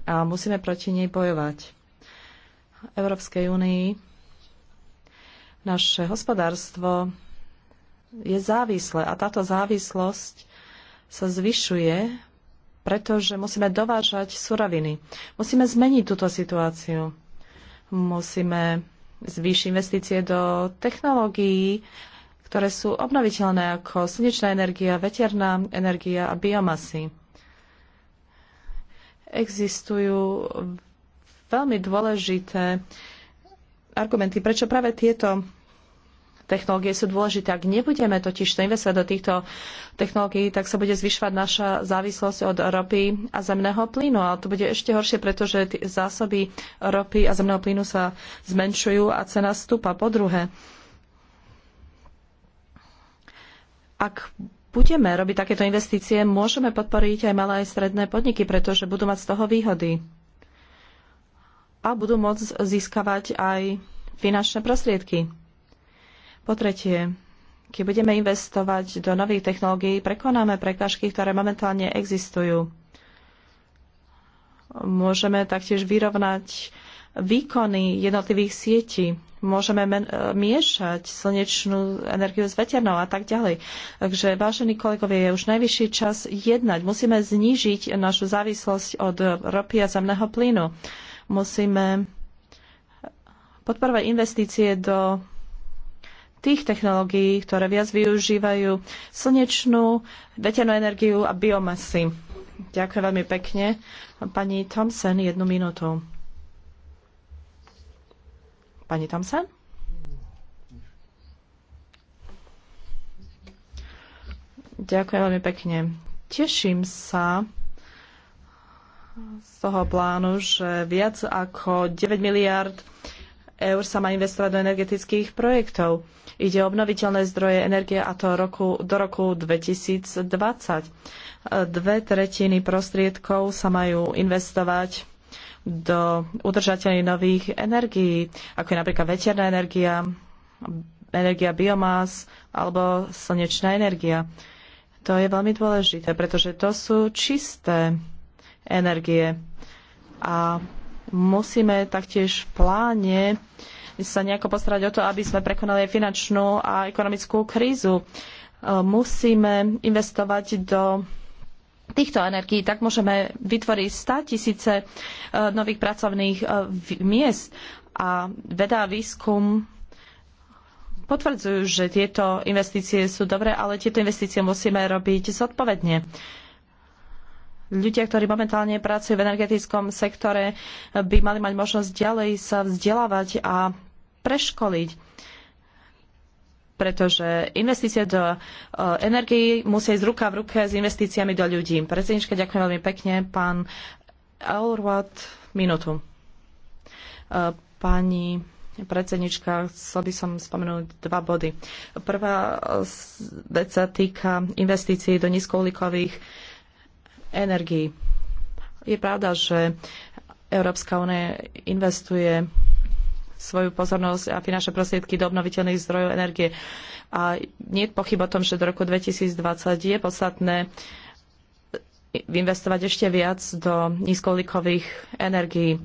a musíme proti nej bojovať. V Európskej únii naše hospodárstvo je závislé a táto závislosť sa zvyšuje, pretože musíme dovážať suroviny. Musíme zmeniť túto situáciu. Musíme zvýšiť investície do technológií, ktoré sú obnoviteľné ako slnečná energia, veterná energia a biomasy. Existujú veľmi dôležité argumenty, prečo práve tieto technológie sú dôležité. Ak nebudeme totiž to investovať do týchto technológií, tak sa bude zvyšovať naša závislosť od ropy a zemného plynu. Ale to bude ešte horšie, pretože zásoby ropy a zemného plynu sa zmenšujú a cena stúpa. Po druhé, ak budeme robiť takéto investície, môžeme podporiť aj malé a stredné podniky, pretože budú mať z toho výhody. A budú môcť získavať aj finančné prostriedky. Po tretie, keď budeme investovať do nových technológií, prekonáme prekážky, ktoré momentálne existujú. Môžeme taktiež vyrovnať výkony jednotlivých sietí. Môžeme miešať slnečnú energiu s veternou a tak ďalej. Takže, vážení kolegovia, je už najvyšší čas jednať. Musíme znížiť našu závislosť od ropy a zemného plynu. Musíme podporovať investície do tých technológií, ktoré viac využívajú slnečnú, veternú energiu a biomasy. Ďakujem veľmi pekne. Pani Thompson, jednu minútu. Pani Thompson? Ďakujem veľmi pekne. Teším sa z toho plánu, že viac ako 9 miliard eur sa má investovať do energetických projektov. Ide o obnoviteľné zdroje energie a to roku, do roku 2020. Dve tretiny prostriedkov sa majú investovať do udržateľných nových energií, ako je napríklad veterná energia, energia biomás alebo slnečná energia. To je veľmi dôležité, pretože to sú čisté energie. A musíme taktiež v pláne sa nejako postarať o to, aby sme prekonali finančnú a ekonomickú krízu. E, musíme investovať do týchto energií, tak môžeme vytvoriť 100 tisíce e, nových pracovných e, miest a veda a výskum potvrdzujú, že tieto investície sú dobré, ale tieto investície musíme robiť zodpovedne. Ľudia, ktorí momentálne pracujú v energetickom sektore, by mali mať možnosť ďalej sa vzdelávať a preškoliť, pretože investície do e, energii musia ísť ruka v ruke s investíciami do ľudí. Predsednička, ďakujem veľmi pekne. Pán Elrod, minútu. E, pani predsednička, chcel by som spomenúť dva body. Prvá vec sa týka investícií do nízkouhlíkových energií. Je pravda, že Európska únia investuje svoju pozornosť a finančné prostriedky do obnoviteľných zdrojov energie. A nie je pochyb o tom, že do roku 2020 je podstatné investovať ešte viac do nízkouhlíkových energií.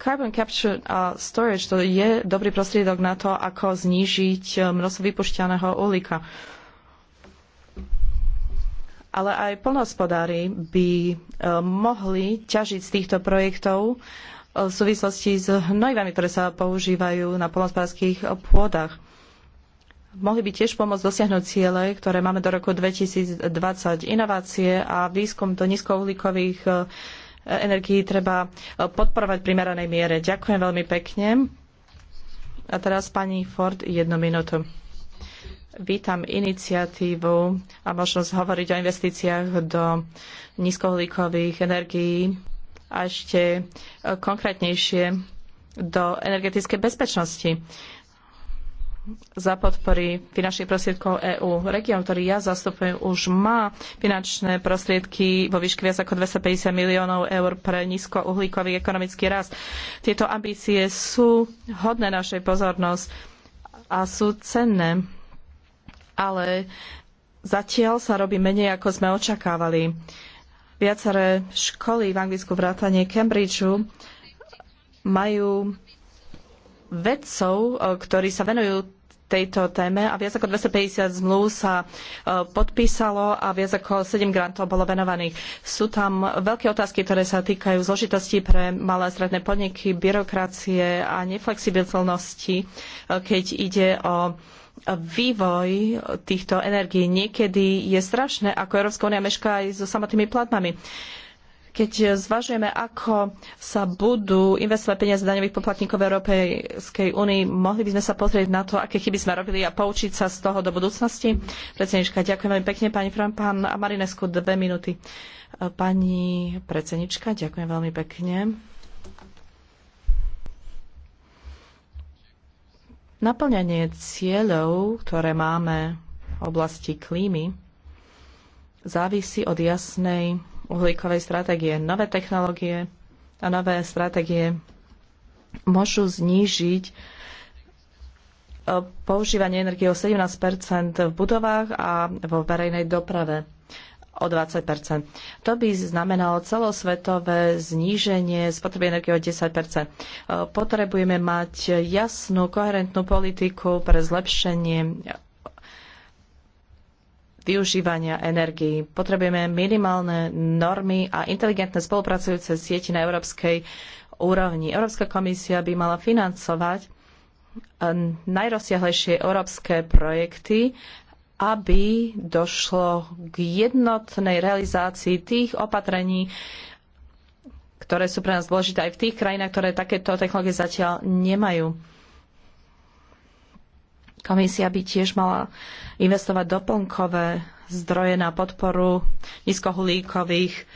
Carbon capture a storage to je dobrý prostriedok na to, ako znížiť množstvo vypušťaného uhlíka ale aj polnohospodári by e, mohli ťažiť z týchto projektov e, v súvislosti s hnojivami, ktoré sa používajú na polnohospodárských pôdach. Mohli by tiež pomôcť dosiahnuť ciele, ktoré máme do roku 2020. Inovácie a výskum do nízkouhlíkových e, energií treba podporovať v primeranej miere. Ďakujem veľmi pekne. A teraz pani Ford, jednu minútu vítam iniciatívu a možnosť hovoriť o investíciách do nízkohlíkových energií a ešte konkrétnejšie do energetickej bezpečnosti za podpory finančných prostriedkov EÚ. Región, ktorý ja zastupujem, už má finančné prostriedky vo výške viac ako 250 miliónov eur pre nízkouhlíkový ekonomický rast. Tieto ambície sú hodné našej pozornosti a sú cenné ale zatiaľ sa robí menej, ako sme očakávali. Viaceré školy v Anglicku vrátane Cambridgeu majú vedcov, eh, ktorí sa venujú tejto téme a viac ako 250 zmluv sa eh, podpísalo a viac ako 7 grantov bolo venovaných. Sú tam veľké otázky, ktoré sa týkajú zložitosti pre malé a stredné podniky, byrokracie a neflexibilnosti, eh, keď ide o vývoj týchto energií. Niekedy je strašné, ako Európska únia mešká aj so samotnými platbami. Keď zvažujeme, ako sa budú investovať peniaze daňových poplatníkov v Európskej únii, mohli by sme sa pozrieť na to, aké chyby sme robili a poučiť sa z toho do budúcnosti. Predsednička, ďakujem veľmi pekne, pani Fran, pán Marinesku, dve minúty. Pani predsednička, ďakujem veľmi pekne. Naplňanie cieľov, ktoré máme v oblasti klímy, závisí od jasnej uhlíkovej stratégie. Nové technológie a nové stratégie môžu znížiť e, používanie energie o 17 v budovách a vo verejnej doprave o 20 To by znamenalo celosvetové zníženie spotreby energie o 10 Potrebujeme mať jasnú, koherentnú politiku pre zlepšenie využívania energii. Potrebujeme minimálne normy a inteligentné spolupracujúce siete na európskej úrovni. Európska komisia by mala financovať eh, najrozsiahlejšie európske projekty aby došlo k jednotnej realizácii tých opatrení, ktoré sú pre nás dôležité aj v tých krajinách, ktoré takéto technológie zatiaľ nemajú. Komisia by tiež mala investovať doplnkové zdroje na podporu nízkohulíkových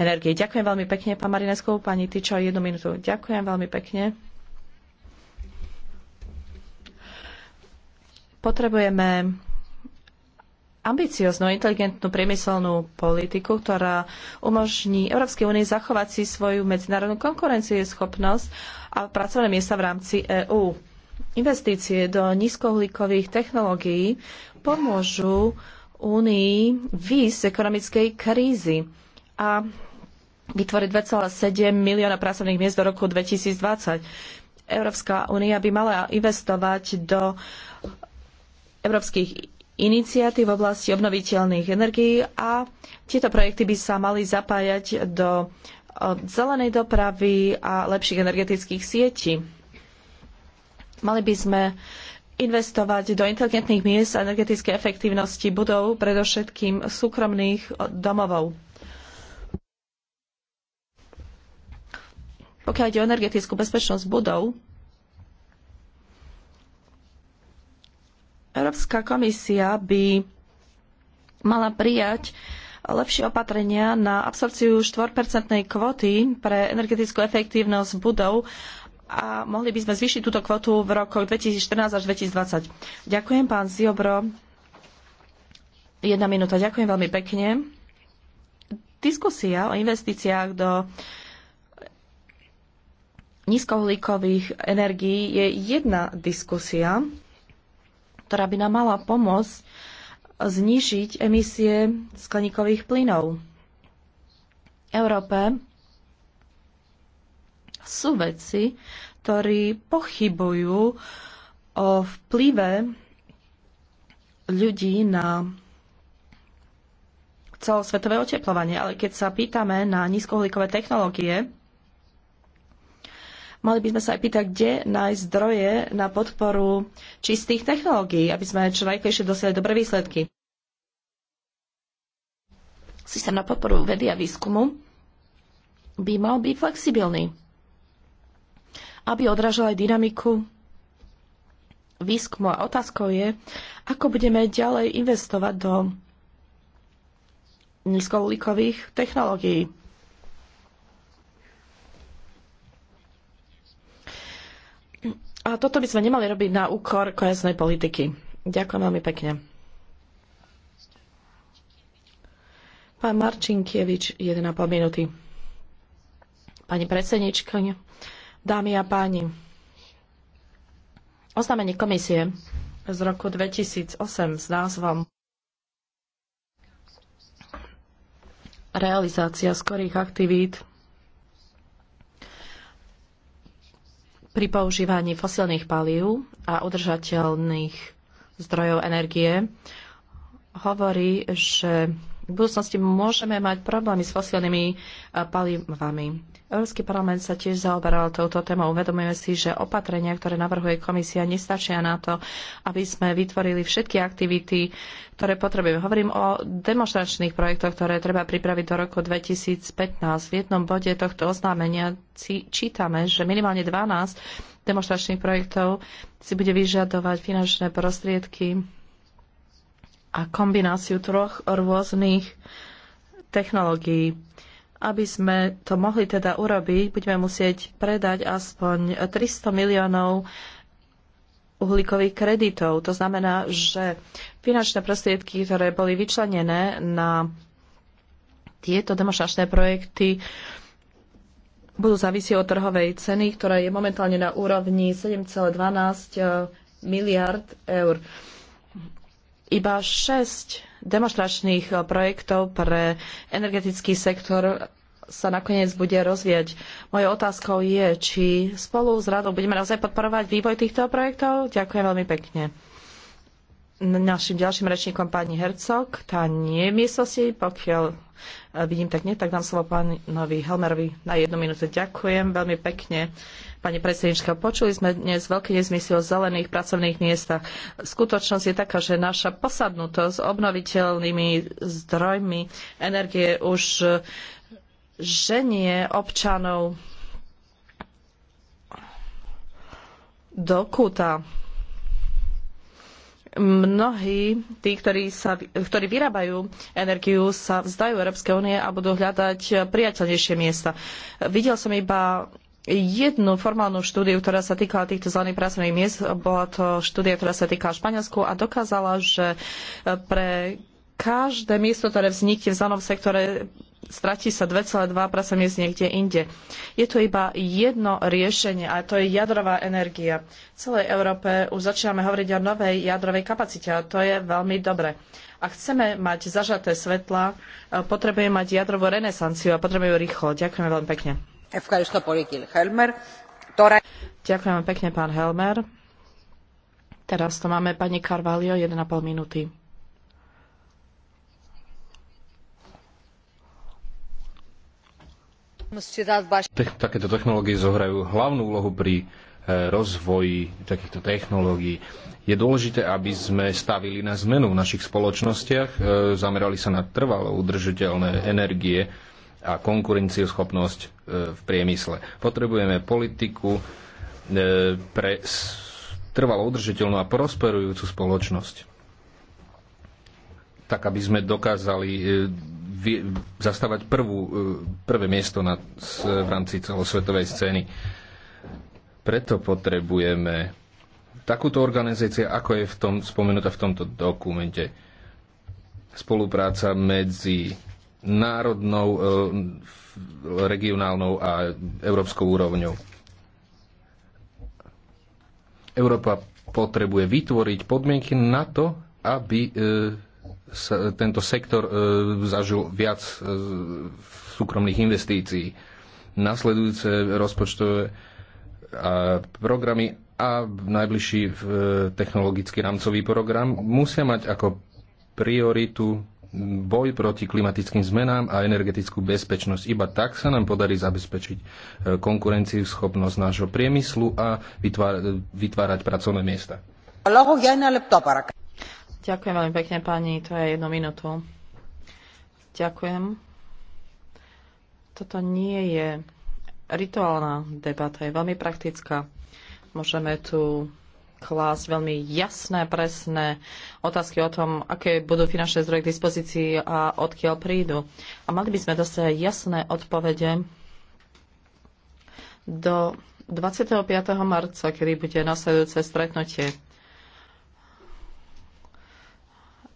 energií. Ďakujem veľmi pekne, pán Marinesku, pani Tyčo, jednu minútu. Ďakujem veľmi pekne. Potrebujeme ambicioznú, inteligentnú priemyselnú politiku, ktorá umožní Európskej únii zachovať si svoju medzinárodnú konkurencieschopnosť a pracovné miesta v rámci EÚ. Investície do nízkouhlíkových technológií pomôžu únii výjsť z ekonomickej krízy a vytvoriť 2,7 milióna pracovných miest do roku 2020. Európska únia by mala investovať do európskych iniciatív v oblasti obnoviteľných energií a tieto projekty by sa mali zapájať do e, zelenej dopravy a lepších energetických sietí. Mali by sme investovať do inteligentných miest a energetickej efektívnosti budov, predovšetkým súkromných domovov. Pokiaľ ide o energetickú bezpečnosť budov, Európska komisia by mala prijať lepšie opatrenia na absorpciu 4 kvoty kvóty pre energetickú efektívnosť budov a mohli by sme zvýšiť túto kvotu v rokoch 2014 až 2020. Ďakujem, pán Ziobro. Jedna minúta. Ďakujem veľmi pekne. Diskusia o investíciách do nízkouhlíkových energií je jedna diskusia, ktorá by nám mala pomôcť znižiť emisie skleníkových plynov. V Európe sú veci, ktorí pochybujú o vplyve ľudí na celosvetové oteplovanie. Ale keď sa pýtame na nízkouhlíkové technológie, Mali by sme sa aj pýtať, kde nájsť zdroje na podporu čistých technológií, aby sme čo najkrajšie dosiahli dobré výsledky. Systém na podporu vedy a výskumu by mal byť flexibilný, aby odrážal aj dynamiku výskumu. A otázkou je, ako budeme ďalej investovať do nízkouhlíkových technológií. A toto by sme nemali robiť na úkor kohesnej politiky. Ďakujem veľmi pekne. Pán Marčinkievič, 1,5 minúty. Pani predsednička, dámy a páni, oznámenie komisie z roku 2008 s názvom Realizácia skorých aktivít pri používaní fosilných palív a udržateľných zdrojov energie hovorí, že v budúcnosti môžeme mať problémy s fosilnými eh, palivami. Európsky parlament sa tiež zaoberal touto témou. Uvedomujeme si, že opatrenia, ktoré navrhuje komisia, nestačia na to, aby sme vytvorili všetky aktivity, ktoré potrebujeme. Hovorím o demonstračných projektoch, ktoré treba pripraviť do roku 2015. V jednom bode tohto oznámenia čítame, že minimálne 12 demonstračných projektov si bude vyžadovať finančné prostriedky a kombináciu troch rôznych technológií aby sme to mohli teda urobiť, budeme musieť predať aspoň 300 miliónov uhlíkových kreditov. To znamená, že finančné prostriedky, ktoré boli vyčlenené na tieto demonstračné projekty, budú závisieť od trhovej ceny, ktorá je momentálne na úrovni 7,12 eh, miliard eur. Iba 6 demonstračných eh, projektov pre energetický sektor sa nakoniec bude rozvieť. Mojou otázkou je, či spolu s radou budeme naozaj podporovať vývoj týchto projektov. Ďakujem veľmi pekne našim ďalším rečníkom pani Hercog. Tá nie je miestnosti, pokiaľ e, vidím tak nie, tak dám slovo pánovi Helmerovi na jednu minútu. Ďakujem veľmi pekne. Pani predsednička, počuli sme dnes veľké nezmysly o zelených pracovných miestach. Skutočnosť je taká, že naša posadnutosť obnoviteľnými zdrojmi energie už e, ženie občanov do kúta mnohí tí, ktorí, sa, ktorí vyrábajú energiu, sa vzdajú Európskej únie a budú hľadať priateľnejšie miesta. Videl som iba jednu formálnu štúdiu, ktorá sa týkala týchto zelených pracovných miest. Bola to štúdia, ktorá sa týkala Španielsku a dokázala, že pre každé miesto, ktoré vznikne v zelenom sektore, stratí sa 2,2 prasa miest niekde inde. Je tu iba jedno riešenie a to je jadrová energia. V celej Európe už začíname hovoriť o novej jadrovej kapacite a to je veľmi dobre. Ak chceme mať zažaté svetla, e, potrebujeme mať jadrovú renesanciu a potrebujeme ju rýchlo. Ďakujeme veľmi pekne. Ďakujem pekne, pán Helmer. Teraz to máme pani Carvalho, 1,5 minúty. Takéto technológie zohrajú hlavnú úlohu pri e, rozvoji takýchto technológií. Je dôležité, aby sme stavili na zmenu v našich spoločnostiach, e, zamerali sa na trvalo udržiteľné energie a konkurencieschopnosť e, v priemysle. Potrebujeme politiku pre trvalo udržiteľnú a prosperujúcu spoločnosť. Tak, aby sme dokázali zastávať prvú, e, prvé miesto na, v rámci celosvetovej scény. Preto potrebujeme takúto organizáciu, ako je v tom, spomenutá v tomto dokumente. Spolupráca medzi národnou, e, regionálnou a európskou úrovňou. Európa potrebuje vytvoriť podmienky na to, aby e, tento sektor e, zažil viac e, súkromných investícií. Nasledujúce rozpočtové e, programy a najbližší technologický rámcový program musia mať ako prioritu boj proti klimatickým zmenám a energetickú bezpečnosť. Iba tak sa nám podarí zabezpečiť konkurenciu, schopnosť nášho priemyslu a vytvárať, vytvárať pracovné miesta. Ďakujem veľmi pekne, pani. To je jednu minútu. Ďakujem. Toto nie je rituálna debata, je veľmi praktická. Môžeme tu klásť veľmi jasné, presné otázky o tom, aké budú finančné zdroje k dispozícii a odkiaľ prídu. A mali by sme dostať jasné odpovede do 25. marca, kedy bude nasledujúce stretnutie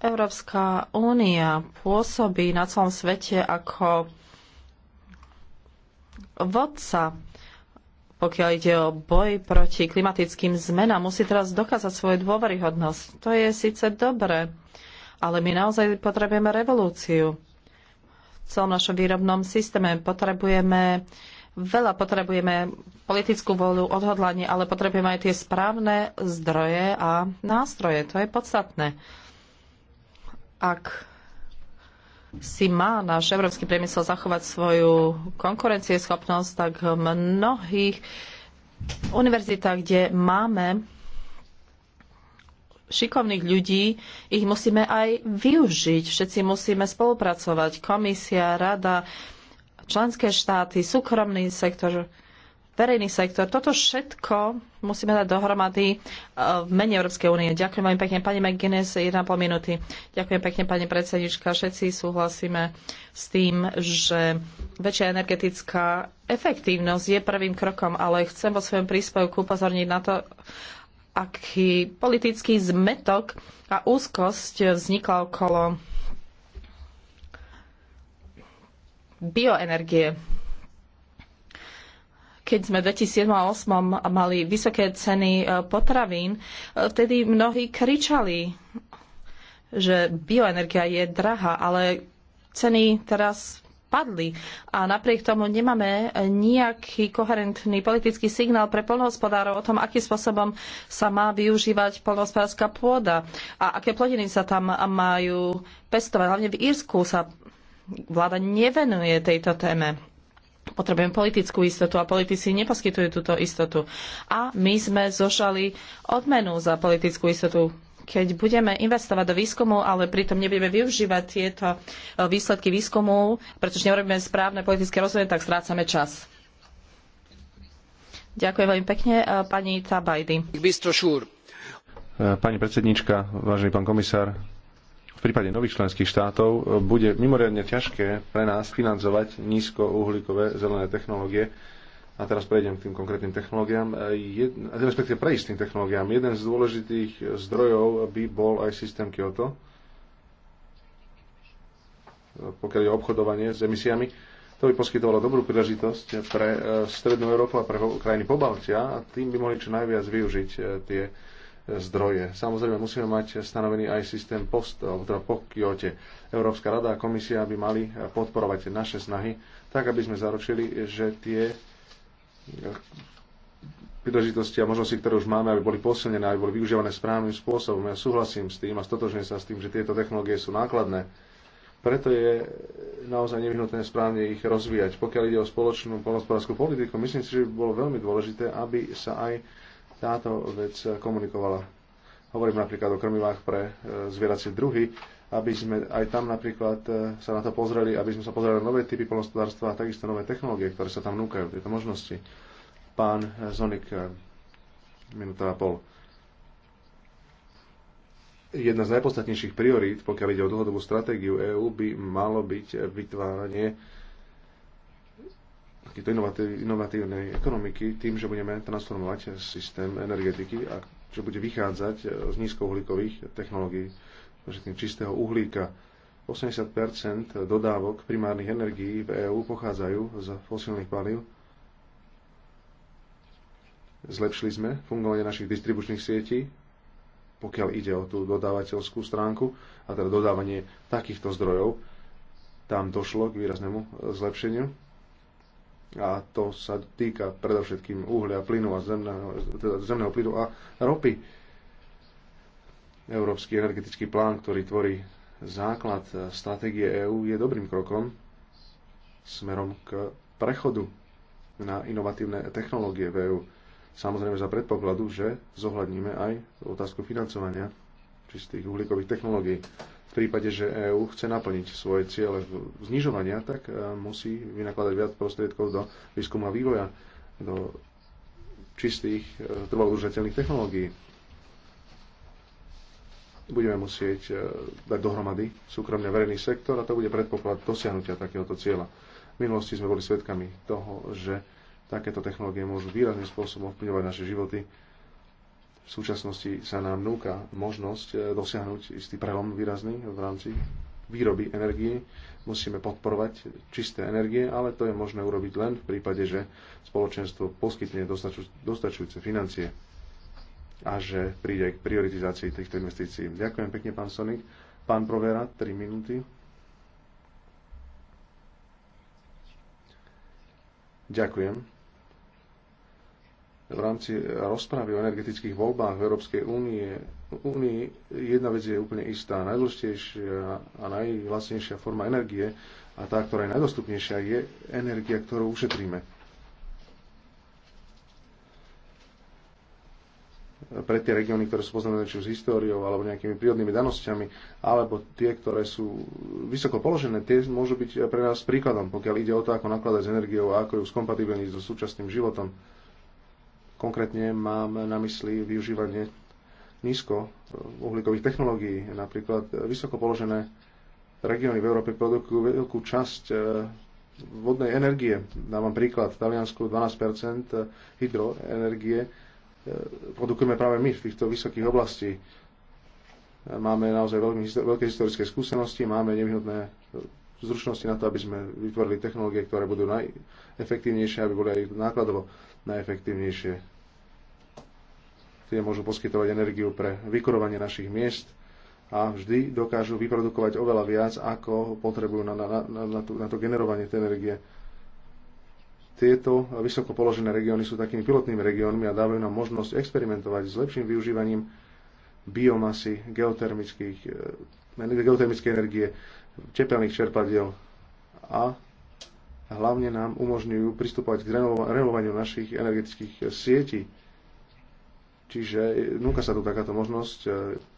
Európska únia pôsobí na celom svete ako vodca, pokiaľ ide o boj proti klimatickým zmenám, musí teraz dokázať svoju dôveryhodnosť. To je síce dobré, ale my naozaj potrebujeme revolúciu. V celom našom výrobnom systéme potrebujeme veľa, potrebujeme politickú voľu, odhodlanie, ale potrebujeme aj tie správne zdroje a nástroje. To je podstatné ak si má náš európsky priemysel zachovať svoju konkurencieschopnosť, tak v mnohých univerzitách, kde máme šikovných ľudí, ich musíme aj využiť. Všetci musíme spolupracovať. Komisia, rada, členské štáty, súkromný sektor verejný sektor. Toto všetko musíme dať dohromady e, v mene Európskej únie. Ďakujem veľmi pekne, pani McGuinness, 1,5 minúty. Ďakujem pekne, pani predsednička. Všetci súhlasíme s tým, že väčšia energetická efektívnosť je prvým krokom, ale chcem vo svojom príspevku upozorniť na to, aký politický zmetok a úzkosť vznikla okolo bioenergie keď sme 2007 a 2008 mali vysoké ceny e, potravín, e, vtedy mnohí kričali, že bioenergia je drahá, ale ceny teraz padli a napriek tomu nemáme nejaký koherentný politický signál pre poľnohospodárov o tom, akým spôsobom sa má využívať poľnohospodárska pôda a aké plodiny sa tam majú pestovať. Hlavne v Írsku sa vláda nevenuje tejto téme potrebujem politickú istotu a politici neposkytujú túto istotu. A my sme zožali odmenu za politickú istotu. Keď budeme investovať do výskumu, ale pritom nebudeme využívať tieto e, výsledky výskumu, pretože neurobíme správne politické rozhodnutie, tak strácame čas. Ďakujem veľmi pekne, e, pani Tabajdy. E, pani predsednička, vážený pán komisár, prípade nových členských štátov e, bude mimoriadne ťažké pre nás financovať nízkouhlíkové zelené technológie. A teraz prejdem k tým konkrétnym technológiám, e, Jed, respektíve prejsť tým technológiám. Jeden z dôležitých zdrojov by bol aj systém Kyoto, e, pokiaľ je obchodovanie s emisiami. To by poskytovalo dobrú príležitosť pre Strednú Európu a pre krajiny Pobaltia a tým by mohli čo najviac využiť tie zdroje. Samozrejme, musíme mať stanovený aj systém post, teda po Kyote. Európska rada a komisia by mali podporovať naše snahy, tak aby sme zaručili, že tie príležitosti a možnosti, ktoré už máme, aby boli posilnené, aby boli využívané správnym spôsobom. Ja súhlasím s tým a stotožňujem sa s tým, že tieto technológie sú nákladné. Preto je naozaj nevyhnutné správne ich rozvíjať. Pokiaľ ide o spoločnú polnospodárskú politiku, myslím si, že by bolo veľmi dôležité, aby sa aj táto vec komunikovala. Hovorím napríklad o krmivách pre e, zvieracie druhy, aby sme aj tam napríklad e, sa na to pozreli, aby sme sa pozreli na nové typy polnospodárstva a takisto nové technológie, ktoré sa tam núkajú, tieto možnosti. Pán e, Zonik, minúta a pol jedna z najpodstatnejších priorít, pokiaľ ide o dlhodobú stratégiu EÚ, by malo byť vytváranie takéto inovatívnej ekonomiky tým, že budeme transformovať systém energetiky a že bude vychádzať e, z nízkouhlíkových technológií, tým čistého uhlíka. 80 dodávok primárnych energií v EÚ pochádzajú z fosílnych palív. Zlepšili sme fungovanie našich distribučných sietí, pokiaľ ide o tú dodávateľskú stránku, a teda dodávanie takýchto zdrojov. Tam došlo k výraznému zlepšeniu a to sa týka predovšetkým uhlia, plynu a zemného, teda zemného plynu a ropy. Európsky energetický plán, ktorý tvorí základ stratégie EÚ, je dobrým krokom smerom k prechodu na inovatívne technológie v EÚ. Samozrejme za predpokladu, že zohľadníme aj otázku financovania čistých uhlíkových technológií prípade, že EÚ chce naplniť svoje ciele znižovania, tak e, musí vynakladať viac prostriedkov do výskumu a vývoja, do čistých, e, trvalodržateľných technológií. Budeme musieť e, dať dohromady súkromne verejný sektor a to bude predpoklad dosiahnutia takéhoto cieľa. V minulosti sme boli svedkami toho, že takéto technológie môžu výrazným spôsobom vplyvať naše životy, v súčasnosti sa nám núka možnosť e, dosiahnuť istý prelom výrazný v rámci výroby energie. Musíme podporovať čisté energie, ale to je možné urobiť len v prípade, že spoločenstvo poskytne dostačujúce financie a že príde k prioritizácii týchto investícií. Ďakujem pekne, pán Sonik. Pán Provera, 3 minúty. Ďakujem v rámci rozpravy o energetických voľbách v Európskej únie, únii jedna vec je úplne istá. Najdôležitejšia a najvlastnejšia forma energie a tá, ktorá je najdostupnejšia, je energia, ktorú ušetríme. pre tie regióny, ktoré sú poznané či už s históriou alebo nejakými prírodnými danosťami, alebo tie, ktoré sú vysoko položené, tie môžu byť pre nás príkladom, pokiaľ ide o to, ako nakladať s energiou a ako ju skompatibilniť so súčasným životom. Konkrétne mám na mysli využívanie nízko uhlíkových technológií. Napríklad vysoko položené regióny v Európe produkujú veľkú časť e, vodnej energie. Dávam príklad, v Taliansku 12 hydroenergie e, produkujeme práve my v týchto vysokých oblastí. Máme naozaj veľmi, veľké historické skúsenosti, máme nevyhodné e, zručnosti na to, aby sme vytvorili technológie, ktoré budú najefektívnejšie, aby boli aj nákladovo najefektívnejšie tie môžu poskytovať energiu pre vykurovanie našich miest a vždy dokážu vyprodukovať oveľa viac, ako potrebujú na, na, na, na, to, na to generovanie tej energie. Tieto vysoko položené regióny sú takými pilotnými regiónmi a dávajú nám možnosť experimentovať s lepším využívaním biomasy, geotermických, eh, geotermické energie, tepelných čerpadiel a hlavne nám umožňujú pristupovať k renovovaniu našich energetických eh, sietí Čiže e, núka sa tu takáto možnosť e,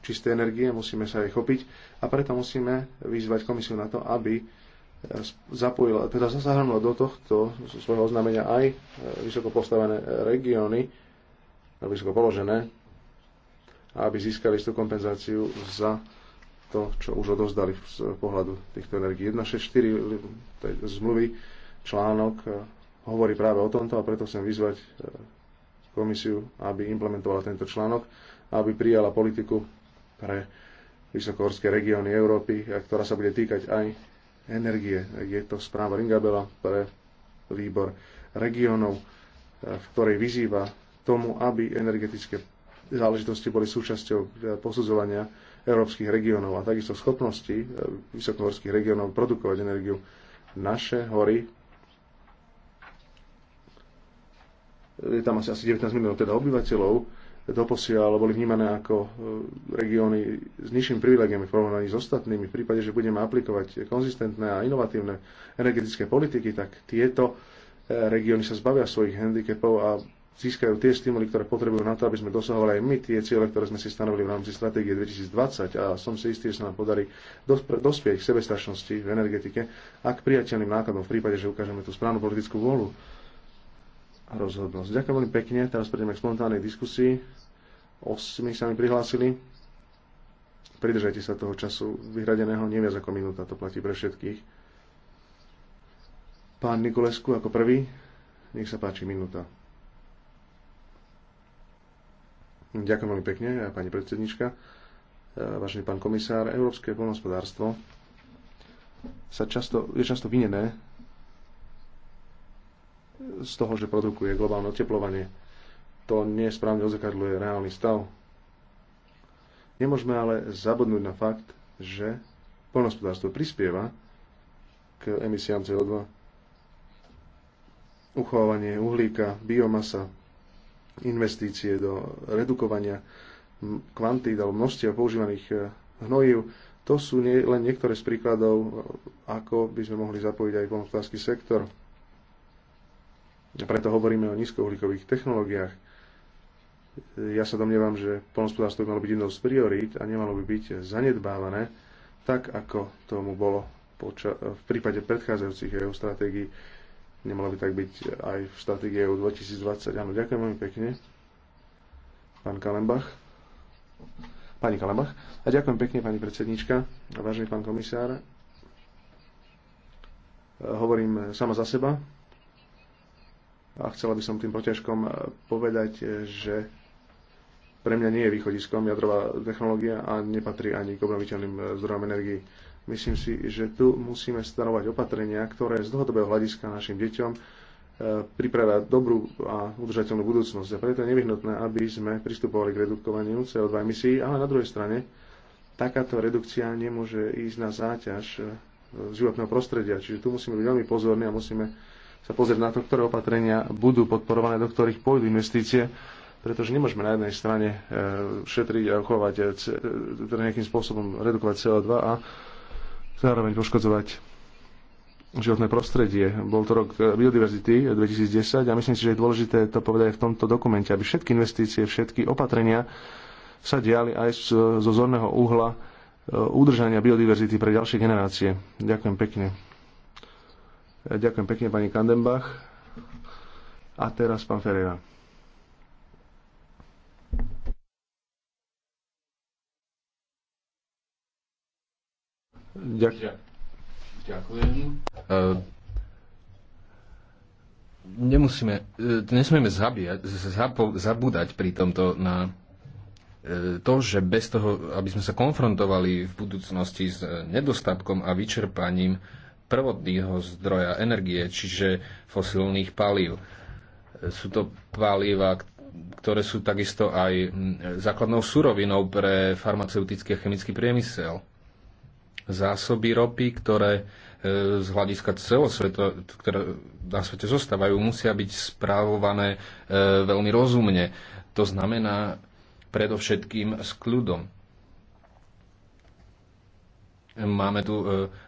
čisté energie, musíme sa jej chopiť a preto musíme vyzvať komisiu na to, aby e, zapojila, teda zasahrnula do tohto svojho oznámenia aj vysoko postavené regióny, vysoko položené, aby získali tú kompenzáciu za to, čo už odovzdali z pohľadu týchto energií. 164 zmluvy článok hovorí práve o tomto a preto chcem vyzvať komisiu, aby implementovala tento článok, aby prijala politiku pre vysokohorské regióny Európy, ktorá sa bude týkať aj energie. Je to správa Ringabela pre výbor regiónov, e, v ktorej vyzýva tomu, aby energetické záležitosti boli súčasťou e, posudzovania európskych regiónov a takisto schopnosti e, vysokohorských regiónov produkovať energiu. Naše hory je tam asi, asi 19 miliónov teda obyvateľov, doposiaľ boli vnímané ako e, regióny s nižším privilegiami v porovnaní s ostatnými. V prípade, že budeme aplikovať konzistentné a inovatívne energetické politiky, tak tieto e, regióny sa zbavia svojich handicapov a získajú tie stimuly, ktoré potrebujú na to, aby sme dosahovali aj my tie ciele, ktoré sme si stanovili v rámci stratégie 2020 a som si istý, že sa nám podarí dospieť k sebestačnosti v energetike a k priateľným nákladom v prípade, že ukážeme tú správnu politickú vôľu rozhodnosť. Ďakujem veľmi pekne. Teraz prejdeme k spontánnej diskusii. Osmi sa mi prihlásili. Pridržajte sa toho času vyhradeného, neviac ako minúta, to platí pre všetkých. Pán Nikolesku ako prvý, nech sa páči minúta. Ďakujem veľmi pekne, pani predsednička. Vážený pán komisár, európske poľnohospodárstvo sa často, je často vinené z toho, že produkuje globálne oteplovanie. To nesprávne ozakadľuje reálny stav. Nemôžeme ale zabudnúť na fakt, že poľnohospodárstvo prispieva k emisiám CO2. Uchovávanie uhlíka, biomasa, investície do redukovania kvantít alebo množstva používaných e, hnojív. To sú nie, len niektoré z príkladov, e, ako by sme mohli zapojiť aj poľnohospodársky sektor. Preto hovoríme o nízkouhlíkových technológiách. Ja sa domnievam, že polnospodárstvo by malo byť jednou z priorít a nemalo by byť zanedbávané, tak ako tomu bolo v prípade predchádzajúcich EU stratégií. Nemalo by tak byť aj v stratégii EU 2020. Áno, ďakujem veľmi pekne. Pán Kalembach. Pani Kalembach. A ďakujem pekne, pani predsednička a vážený pán komisár. Hovorím sama za seba a chcela by som tým poťažkom eh, povedať, eh, že pre mňa nie je východiskom jadrová technológia a nepatrí ani k obnoviteľným eh, zdrojom energii. Myslím si, že tu musíme stanovať opatrenia, ktoré z dlhodobého hľadiska našim deťom pripravia dobrú a udržateľnú budúcnosť. A preto je nevyhnutné, aby sme pristupovali k redukovaniu CO2 emisí, ale na druhej strane takáto redukcia nemôže ísť na záťaž životného prostredia. Čiže tu musíme byť veľmi pozorní a musíme sa pozrieť na to, ktoré opatrenia budú podporované, do ktorých pôjdu investície, pretože nemôžeme na jednej strane e, šetriť a uchovať, e, e, teda nejakým spôsobom redukovať CO2 a zároveň poškodzovať životné prostredie. Bol to rok biodiverzity 2010 a myslím si, že je dôležité to povedať aj v tomto dokumente, aby všetky investície, všetky opatrenia sa diali aj zo zorného uhla udržania biodiverzity pre ďalšie generácie. Ďakujem pekne. Ďakujem pekne, pani Kandenbach. A teraz pán Ferreira. Ďakujem. Uh, nemusíme, uh, nesmieme zabíjať, zapo, zabúdať pri tomto na e, to, že bez toho, aby sme sa konfrontovali v budúcnosti s nedostatkom a vyčerpaním prvotného zdroja energie, čiže fosilných palív. Sú to paliva, ktoré sú takisto aj základnou surovinou pre farmaceutický a chemický priemysel. Zásoby ropy, ktoré e, z hľadiska celosveta, ktoré na svete zostávajú, musia byť správované e, veľmi rozumne. To znamená predovšetkým s kľudom. Máme tu e,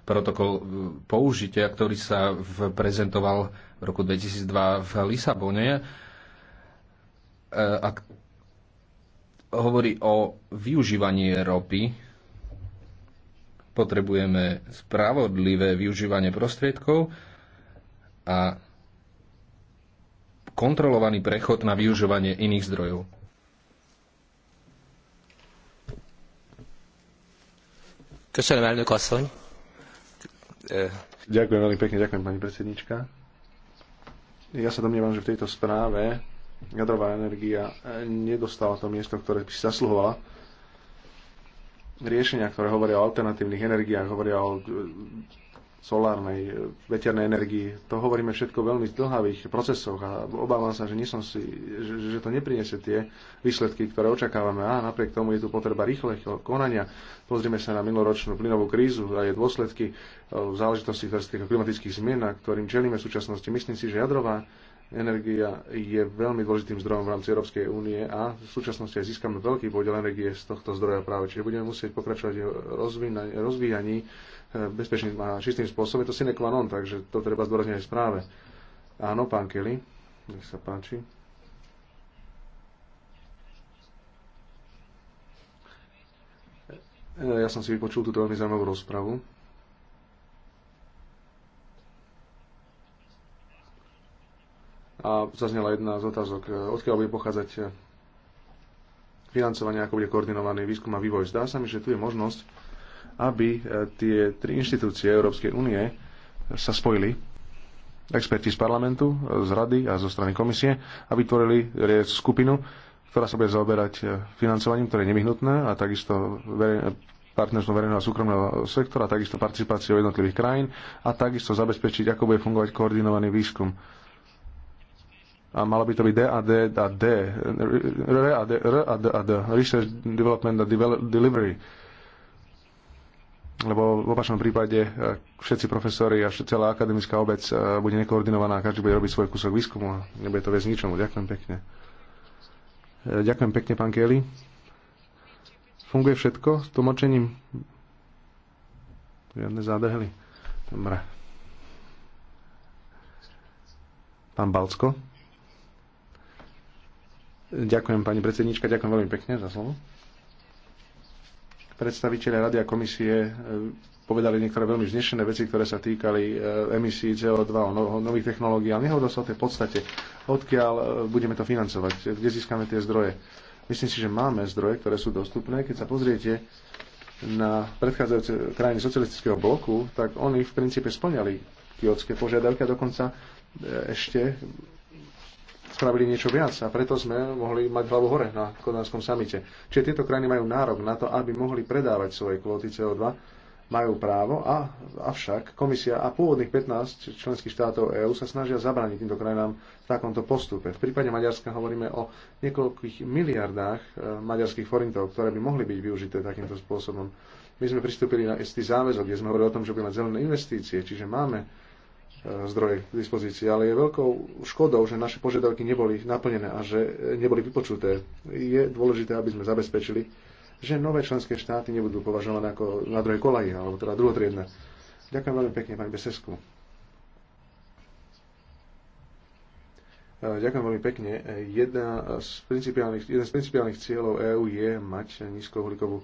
protokol e, použitia, ktorý sa prezentoval v roku 2002 v Lisabone e, a hovorí o využívaní ropy. Potrebujeme spravodlivé využívanie prostriedkov a kontrolovaný prechod na využívanie iných zdrojov. Köszönöm, elnök asszony. Ďakujem veľmi pekne, ďakujem pani predsednička. Ja sa domnievam, že v tejto správe jadrová energia nedostala to miesto, ktoré by si zasluhovala. Riešenia, ktoré hovoria o alternatívnych energiách, hovoria o solárnej, e, veternej energii. To hovoríme všetko veľmi v dlhavých procesoch a obávam sa, že, nie som si, že, že to nepriniesie tie výsledky, ktoré očakávame. A napriek tomu je tu potreba rýchleho konania. Pozrieme sa na minuloročnú plynovú krízu a jej dôsledky e, v záležitosti klimatických zmien, na ktorým čelíme v súčasnosti. Myslím si, že jadrová energia je veľmi dôležitým zdrojom v rámci Európskej únie a v súčasnosti aj získame veľký podiel energie z tohto zdroja práve. Čiže budeme musieť pokračovať v rozvíjaní bezpečným a čistým spôsobom. Je to sine qua non, takže to treba zdôrazniť aj správe. Áno, pán Kelly, nech sa páči. E, ja som si vypočul túto veľmi zaujímavú rozpravu. A zaznela jedna z otázok, e, odkiaľ bude pochádzať e, financovanie, ako bude koordinovaný výskum a vývoj. Zdá sa mi, že tu je možnosť aby e, tie tri inštitúcie Európskej únie sa spojili, experti z parlamentu, e, z rady a zo strany komisie, a vytvorili skupinu, ktorá sa bude zaoberať e, financovaním, ktoré je nevyhnutné, a takisto partnerstvo verejného a súkromného sektora, takisto participáciou jednotlivých krajín a takisto zabezpečiť, ako bude fungovať koordinovaný výskum. A malo by to byť DAD a D R a D, R a D, a D, Research Development and Delivery lebo v opačnom prípade e, všetci profesori a celá akademická obec e, bude nekoordinovaná, každý bude robiť svoj kúsok výskumu a nebude to viesť ničomu. Ďakujem pekne. E, ďakujem pekne, pán Kelly. Funguje všetko s tlmočením? Žiadne zádehly. Dobre. Pán Balcko. Ďakujem, pani predsednička, ďakujem veľmi pekne za slovo predstaviteľe Rady a komisie e, povedali niektoré veľmi znešené veci, ktoré sa týkali e, emisí CO2, no-, o nových technológií, ale nehovoril sa o tej podstate, odkiaľ e, budeme to financovať, kde získame tie zdroje. Myslím si, že máme zdroje, ktoré sú dostupné. Keď sa pozriete na predchádzajúce krajiny socialistického bloku, tak oni v princípe splňali kiotské požiadavky a dokonca ešte spravili niečo viac a preto sme mohli mať hlavu hore na Kodanskom samite. Čiže tieto krajiny majú nárok na to, aby mohli predávať svoje kvóty CO2, majú právo, a, avšak komisia a pôvodných 15 členských štátov EÚ sa snažia zabrániť týmto krajinám v takomto postupe. V prípade Maďarska hovoríme o niekoľkých miliardách e, maďarských forintov, ktoré by mohli byť využité takýmto spôsobom. My sme pristúpili na istý záväzok, kde sme hovorili o tom, že budeme mať zelené investície, čiže máme zdroje k dispozícii, ale je veľkou škodou, že naše požiadavky neboli naplnené a že neboli vypočuté. Je dôležité, aby sme zabezpečili, že nové členské štáty nebudú považované ako na druhej kolaji, alebo teda druhotriedne. Ďakujem veľmi pekne, pani Besesku. E, ďakujem veľmi pekne. E, jedna z principiálnych, jeden z principiálnych cieľov EÚ je mať nízkouhlíkovú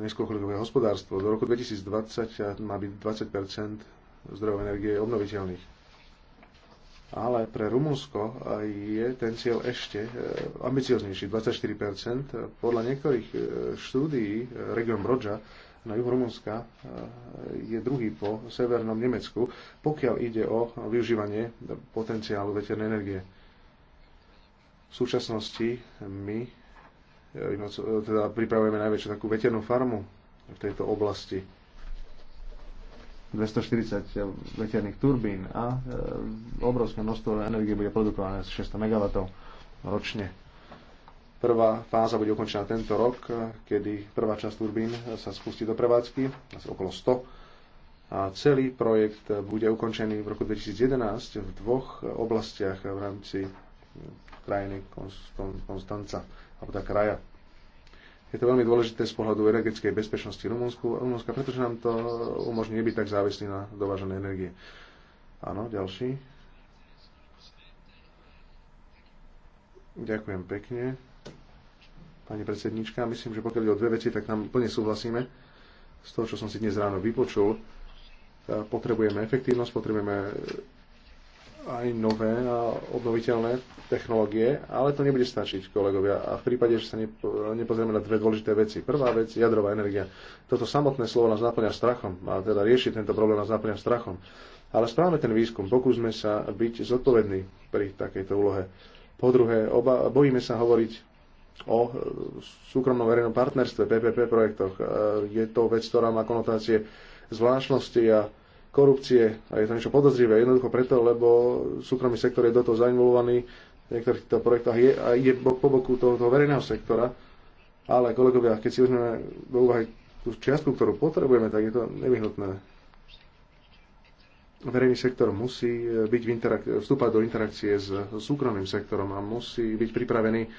nízkouhlíkové hospodárstvo. Do roku 2020 má byť 20 zdrojov energie obnoviteľných. Ale pre Rumunsko je ten cieľ ešte e, ambicioznejší, 24%. Podľa niektorých e, štúdií e, region Brodža na Juhu Rumunska je druhý po severnom Nemecku, pokiaľ ide o využívanie potenciálu veternej energie. V súčasnosti my teda pripravujeme najväčšiu takú veternú farmu v tejto oblasti 240 veterných turbín a e, obrovské množstvo energie bude produkované z 600 MW ročne. Prvá fáza bude ukončená tento rok, e, kedy prvá časť turbín sa spustí do prevádzky, asi okolo 100. A celý projekt bude ukončený v roku 2011 v dvoch oblastiach v rámci krajiny Konstanca, alebo tá teda kraja je to veľmi dôležité z pohľadu energetickej bezpečnosti Rumunsku, Rumunska, pretože nám to umožní nebyť tak závislí na dovážené energie. Áno, ďalší. Ďakujem pekne. Pani predsednička, myslím, že pokiaľ je o dve veci, tak tam plne súhlasíme z toho, čo som si dnes ráno vypočul. Potrebujeme efektívnosť, potrebujeme aj nové a obnoviteľné technológie, ale to nebude stačiť, kolegovia. A v prípade, že sa nepozrieme na dve dôležité veci. Prvá vec, jadrová energia. Toto samotné slovo nás naplňa strachom, a teda riešiť tento problém nás naplňa strachom. Ale správame ten výskum, pokúsme sa byť zodpovední pri takejto úlohe. Po druhé, oba, bojíme sa hovoriť o súkromnom verejnom partnerstve, PPP projektoch. E, je to vec, ktorá má konotácie zvláštnosti a korupcie a je to niečo podozrivé. Jednoducho preto, lebo súkromný sektor je do toho zainvolovaný v niektorých týchto projektoch je, a ide po boku toho, toho verejného sektora. Ale kolegovia, keď si vezmeme do úvahy tú čiastku, ktorú potrebujeme, tak je to nevyhnutné. Verejný sektor musí e, byť v interak- vstúpať do interakcie s súkromným sektorom a musí byť pripravený e,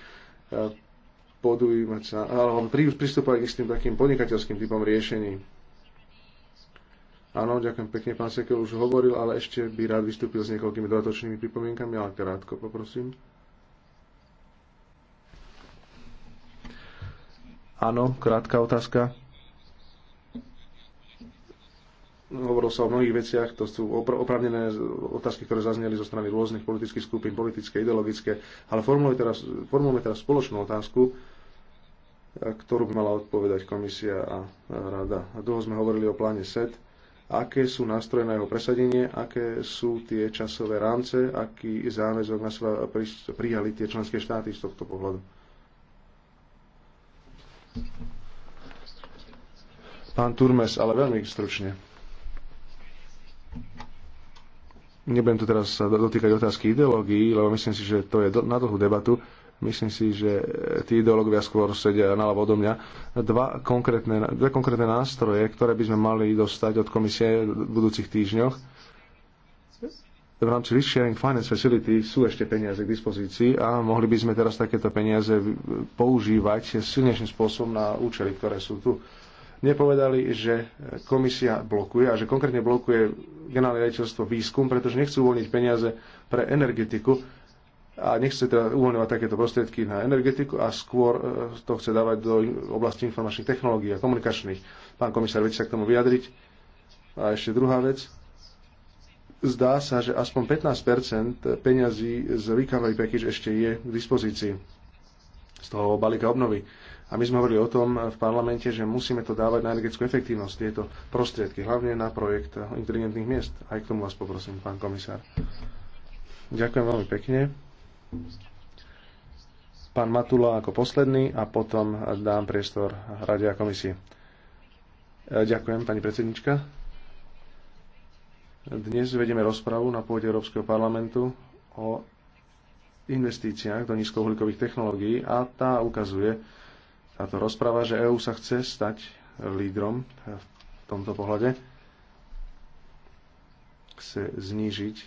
podujímať sa, alebo pristúpať k istým takým podnikateľským typom riešení Áno, ďakujem pekne, pán Sekel už hovoril, ale ešte by rád vystúpil s niekoľkými dodatočnými pripomienkami, ale krátko poprosím. Áno, krátka otázka. Hovoril sa o mnohých veciach, to sú opravnené otázky, ktoré zazneli zo strany rôznych politických skupín, politické, ideologické, ale formulujeme teraz, formulujeme teraz spoločnú otázku, ktorú by mala odpovedať komisia a rada. A dlho sme hovorili o pláne SET, aké sú nástroje na jeho presadenie, aké sú tie časové rámce, aký záväzok na seba prijali tie členské štáty z tohto pohľadu. Pán Turmes, ale veľmi stručne. Nebudem tu teraz dotýkať otázky ideológií, lebo myslím si, že to je na dlhú debatu Myslím si, že tí ideológovia skôr sedia naľavo odo mňa. Dva konkrétne, dve konkrétne nástroje, ktoré by sme mali dostať od komisie v budúcich týždňoch. V rámci Risk Sharing Finance Facility sú ešte peniaze k dispozícii a mohli by sme teraz takéto peniaze používať silnejším spôsobom na účely, ktoré sú tu nepovedali, že komisia blokuje a že konkrétne blokuje generálne riaditeľstvo výskum, pretože nechcú uvoľniť peniaze pre energetiku a nechce teda uvoľňovať takéto prostriedky na energetiku a skôr e, to chce dávať do oblasti informačných technológií a komunikačných. Pán komisár, viete sa k tomu vyjadriť? A ešte druhá vec. Zdá sa, že aspoň 15 peňazí z recovery package ešte je k dispozícii z toho balíka obnovy. A my sme hovorili o tom v parlamente, že musíme to dávať na energetickú efektívnosť, tieto prostriedky, hlavne na projekt inteligentných miest. Aj k tomu vás poprosím, pán komisár. Ďakujem veľmi pekne. Pán Matula ako posledný a potom dám priestor Rade a komisii. E, ďakujem, pani predsednička. Dnes vedeme rozpravu na pôde Európskeho parlamentu o investíciách do nízkouhlíkových technológií a tá ukazuje táto rozprava, že EÚ sa chce stať lídrom v tomto pohľade. Chce znížiť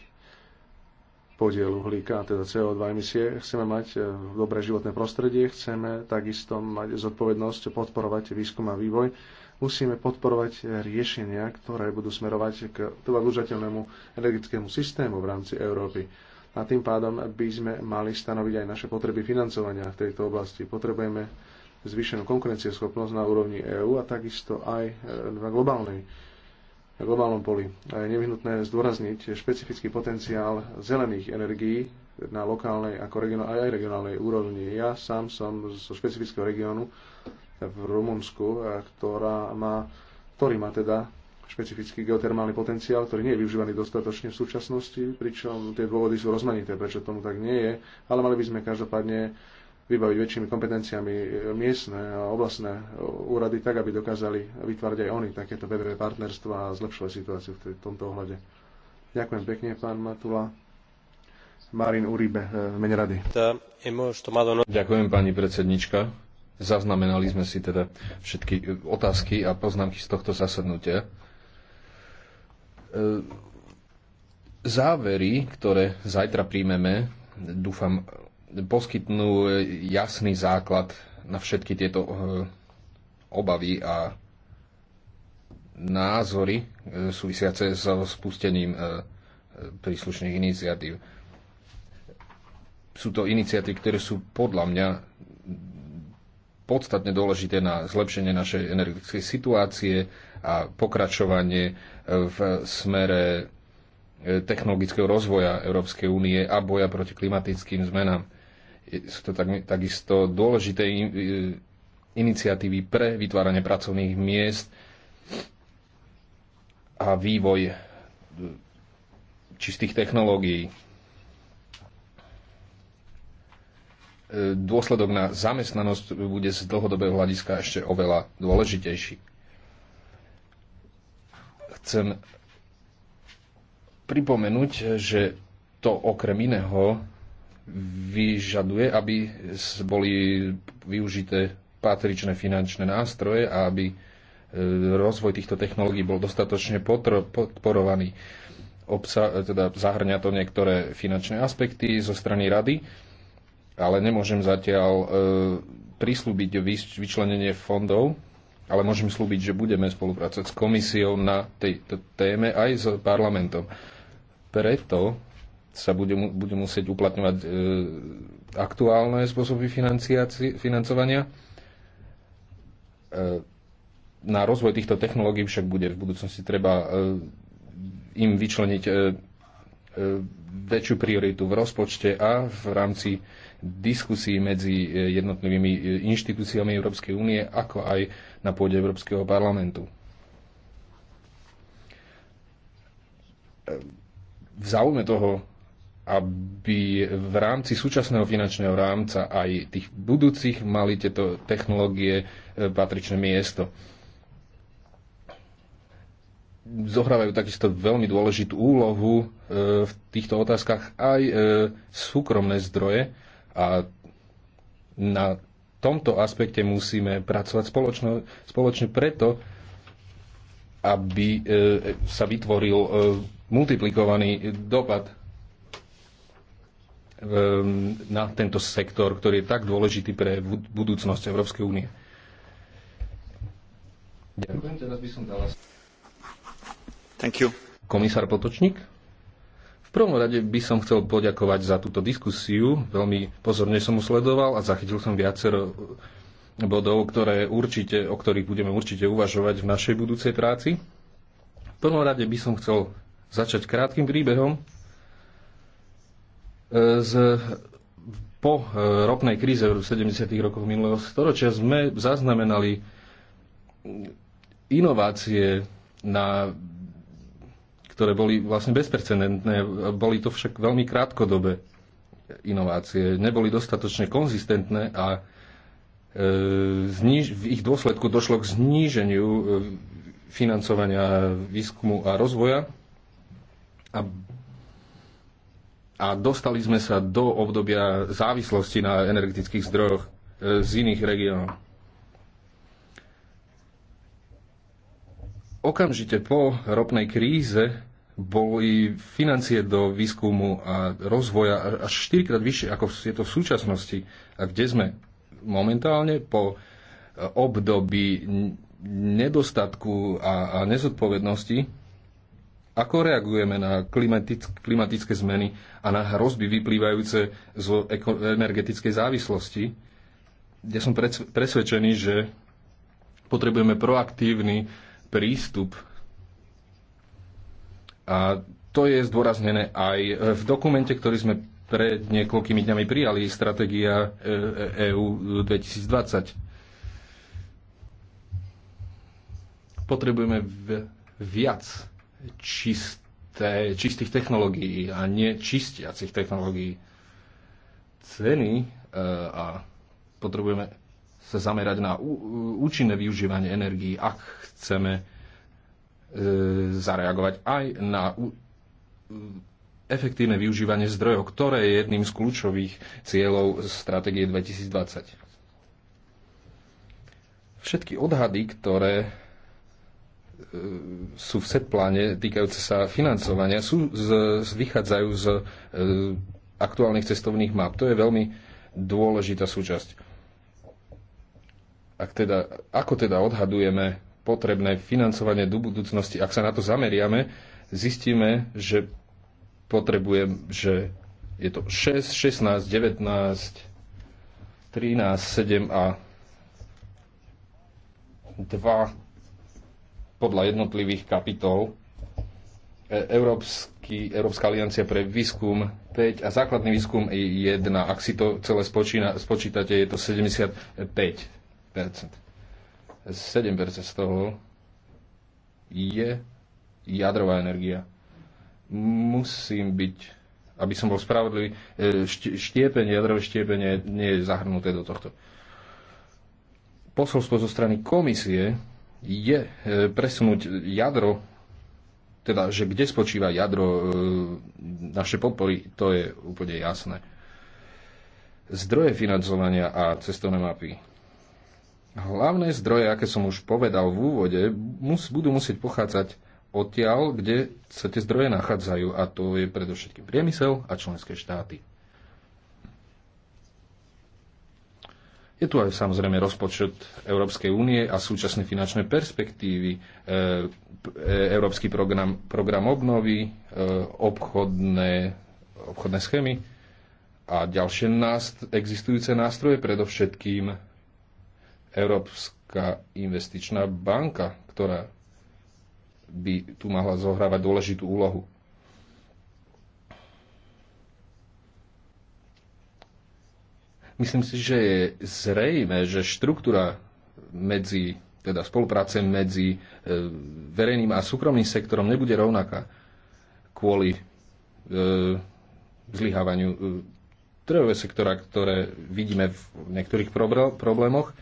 podiel uhlíka, teda CO2 emisie. Chceme mať e, dobré životné prostredie, chceme takisto mať zodpovednosť podporovať výskum a vývoj. Musíme podporovať riešenia, ktoré budú smerovať k udržateľnému energetickému systému v rámci Európy. A tým pádom by sme mali stanoviť aj naše potreby financovania v tejto oblasti. Potrebujeme zvýšenú konkurencieschopnosť na úrovni EÚ a takisto aj e, na globálnej na globálnom poli. A je nevyhnutné zdôrazniť špecifický potenciál zelených energií na lokálnej ako regionál, aj regionálnej úrovni. Ja sám som zo špecifického regiónu v Rumunsku, ktorá má, ktorý má teda špecifický geotermálny potenciál, ktorý nie je využívaný dostatočne v súčasnosti, pričom tie dôvody sú rozmanité, prečo tomu tak nie je, ale mali by sme každopádne vybaviť väčšími kompetenciami e, miestne a oblastné e, úrady tak, aby dokázali vytvárať aj oni takéto BBB partnerstva a zlepšovať situáciu v tomto ohľade. Ďakujem pekne, pán Matula. Marin Uribe, e, mene rady. Ďakujem, pani predsednička. Zaznamenali sme si teda všetky otázky a poznámky z tohto zasadnutia. Závery, ktoré zajtra príjmeme, dúfam, poskytnú e, jasný základ na všetky tieto e, obavy a názory e, súvisiace so spustením príslušných iniciatív. Sú to iniciatívy, ktoré sú podľa mňa podstatne dôležité na zlepšenie našej energetickej situácie a pokračovanie v smere technologického rozvoja Európskej únie a boja proti klimatickým zmenám. Sú to tak, takisto dôležité iniciatívy pre vytváranie pracovných miest a vývoj e, čistých technológií. E, dôsledok na zamestnanosť bude z dlhodobého hľadiska ešte oveľa dôležitejší. Chcem pripomenúť, že to okrem iného vyžaduje, aby boli využité patričné finančné nástroje a aby e, rozvoj týchto technológií bol dostatočne podporovaný. Obsa, e, teda zahrňa to niektoré finančné aspekty zo strany rady, ale nemôžem zatiaľ e, prislúbiť vyčlenenie fondov, ale môžem slúbiť, že budeme spolupracovať s komisiou na tejto téme aj s parlamentom. Preto sa bude bude musieť uplatňovať e, aktuálne spôsoby financovania. E, na rozvoj týchto technológií však bude v budúcnosti treba e, im vyčleniť e, e, väčšiu prioritu v rozpočte a v rámci diskusí medzi e, jednotlivými e, inštitúciami Európskej únie, ako aj na pôde Európskeho parlamentu. E, v záujme toho aby v rámci súčasného finančného rámca aj tých budúcich mali tieto technológie e, patričné miesto. Zohrávajú takisto veľmi dôležitú úlohu e, v týchto otázkach aj e, súkromné zdroje a na tomto aspekte musíme pracovať spoločno, spoločne preto, aby sa vytvoril multiplikovaný dopad Ehm, na tento sektor, ktorý je tak dôležitý pre budúcnosť Európskej únie. Ďakujem, teraz by som dala... Thank you. Komisár Potočník? V prvom rade by som chcel poďakovať za túto diskusiu. Veľmi pozorne som usledoval a zachytil som viacero bodov, ktoré určite, o ktorých budeme určite uvažovať v našej budúcej práci. V prvom rade by som chcel začať krátkým príbehom, z, po e, ropnej kríze v 70. rokoch minulého storočia sme zaznamenali inovácie, na, ktoré boli vlastne bezprecedentné. Boli to však veľmi krátkodobé inovácie. Neboli dostatočne konzistentné a e, zniž, v ich dôsledku došlo k zníženiu e, financovania výskumu a rozvoja a a dostali sme sa do obdobia závislosti na energetických zdrojoch e, z iných regiónov. Okamžite po ropnej kríze boli financie do výskumu a rozvoja až 4 krát vyššie, ako je to v súčasnosti. A kde sme momentálne po e, období nedostatku a, a nezodpovednosti ako reagujeme na klimatické zmeny a na hrozby vyplývajúce z energetickej závislosti? Ja som presvedčený, že potrebujeme proaktívny prístup a to je zdôraznené aj v dokumente, ktorý sme pred niekoľkými dňami prijali, stratégia EU e, e 2020. Potrebujeme viac čisté, čistých technológií a nečistiacich technológií. Ceny e, a potrebujeme sa zamerať na účinné využívanie energií, ak chceme e, zareagovať aj na efektívne využívanie zdrojov, ktoré je jedným z kľúčových cieľov stratégie 2020. Všetky odhady, ktoré E, sú v setpláne týkajúce sa financovania, sú, z, vychádzajú z e, aktuálnych cestovných map. To je veľmi dôležitá súčasť. Ak teda, ako teda odhadujeme potrebné financovanie do budúcnosti, ak sa na to zameriame, zistíme, že potrebujem, že je to 6, 16, 19, 13, 7 a 2 podľa jednotlivých kapitol e, Európsky, Európska aliancia pre výskum 5 a základný výskum 1. Ak si to celé spočína, spočítate, je to 75 7 z toho je jadrová energia. Musím byť, aby som bol spravodlivý, e, štiepenie, jadrové štiepenie nie je zahrnuté do tohto. Posolstvo zo strany komisie je e, presunúť jadro, teda, že kde spočíva jadro e, naše podpory, to je úplne jasné. Zdroje financovania a cestovné mapy. Hlavné zdroje, aké som už povedal v úvode, mus, budú musieť pochádzať odtiaľ, kde sa tie zdroje nachádzajú, a to je predovšetkým priemysel a členské štáty. Je tu aj samozrejme rozpočet Európskej únie a súčasné finančné perspektívy, e, e, Európsky program, program obnovy, e, obchodné, obchodné schémy a ďalšie nást- existujúce nástroje, predovšetkým Európska investičná banka, ktorá by tu mohla zohrávať dôležitú úlohu. Myslím si, že je zrejme, že štruktúra medzi, teda spolupráce medzi e, verejným a súkromným sektorom nebude rovnaká kvôli e, zlyhávaniu e, trhového sektora, ktoré vidíme v niektorých problémoch,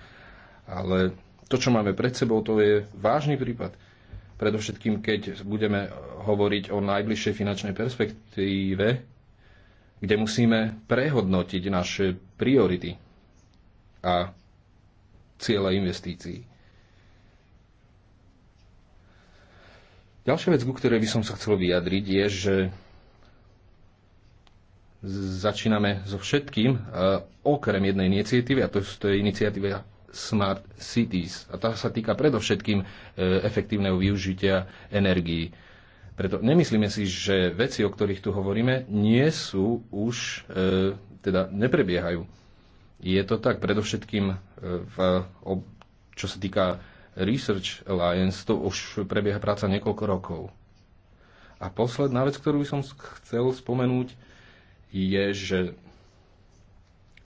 ale to, čo máme pred sebou, to je vážny prípad. Predovšetkým, keď budeme hovoriť o najbližšej finančnej perspektíve, kde musíme prehodnotiť naše priority a ciele investícií. Ďalšia vec, ku ktorej by som sa chcel vyjadriť, je, že začíname so všetkým, e, okrem jednej iniciatívy, a to, to je iniciatíva Smart Cities. A tá sa týka predovšetkým e, efektívneho využitia energií. Preto nemyslíme si, že veci, o ktorých tu hovoríme, nie sú už, e, teda neprebiehajú. Je to tak predovšetkým, e, v, o, čo sa týka Research Alliance, to už prebieha práca niekoľko rokov. A posledná vec, ktorú by som chcel spomenúť, je, že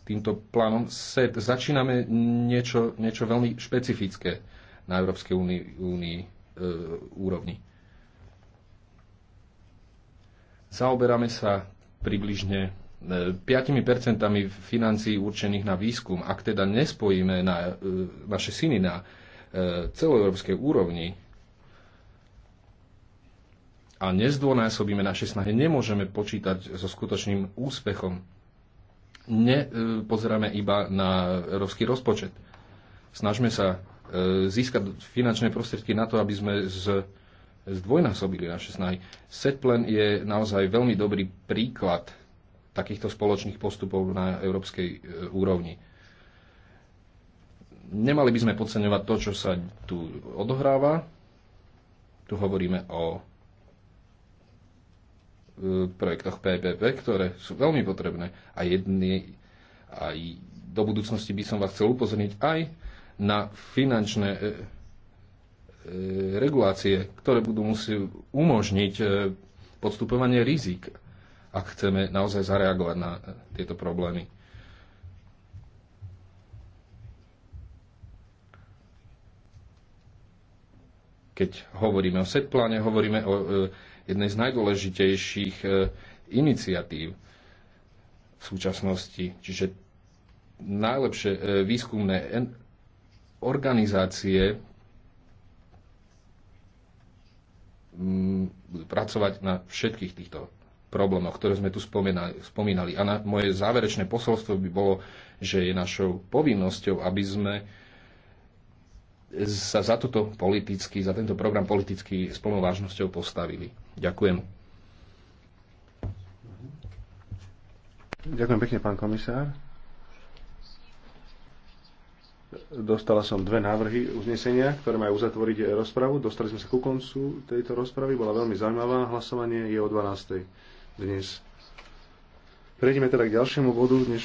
týmto plánom SET začíname niečo, niečo veľmi špecifické na Európskej únii, únii e, úrovni Zaoberáme sa približne 5% e, financií určených na výskum. Ak teda nespojíme na, e, naše syny na e, celoeurópskej úrovni a nezdvonásobíme naše snahy, nemôžeme počítať so skutočným úspechom. Nepozeráme iba na európsky rozpočet. Snažme sa získať finančné prostriedky na to, aby sme z zdvojnásobili naše snahy. SETPLEN je naozaj veľmi dobrý príklad takýchto spoločných postupov na európskej e, úrovni. Nemali by sme podceňovať to, čo sa tu odohráva. Tu hovoríme o e, projektoch PPP, ktoré sú veľmi potrebné. A jedný, aj do budúcnosti by som vás chcel upozorniť aj na finančné e, E, regulácie, ktoré budú musieť umožniť e, podstupovanie rizik, ak chceme naozaj zareagovať na e, tieto problémy. Keď hovoríme o setpláne, hovoríme o jednej z najdôležitejších iniciatív v súčasnosti. Čiže najlepšie výskumné organizácie pracovať na všetkých týchto problémoch, ktoré sme tu spomínali. A na, moje záverečné posolstvo by bolo, že je našou povinnosťou, aby sme sa za, toto politicky, za tento program politicky s plnou vážnosťou postavili. Ďakujem. Ďakujem pekne, pán komisár. Dostala som dve návrhy uznesenia, ktoré majú uzatvoriť rozpravu. Dostali sme sa ku koncu tejto rozpravy, bola veľmi zaujímavá. Hlasovanie je o 12. dnes. Prejdeme teda k ďalšiemu bodu dnešného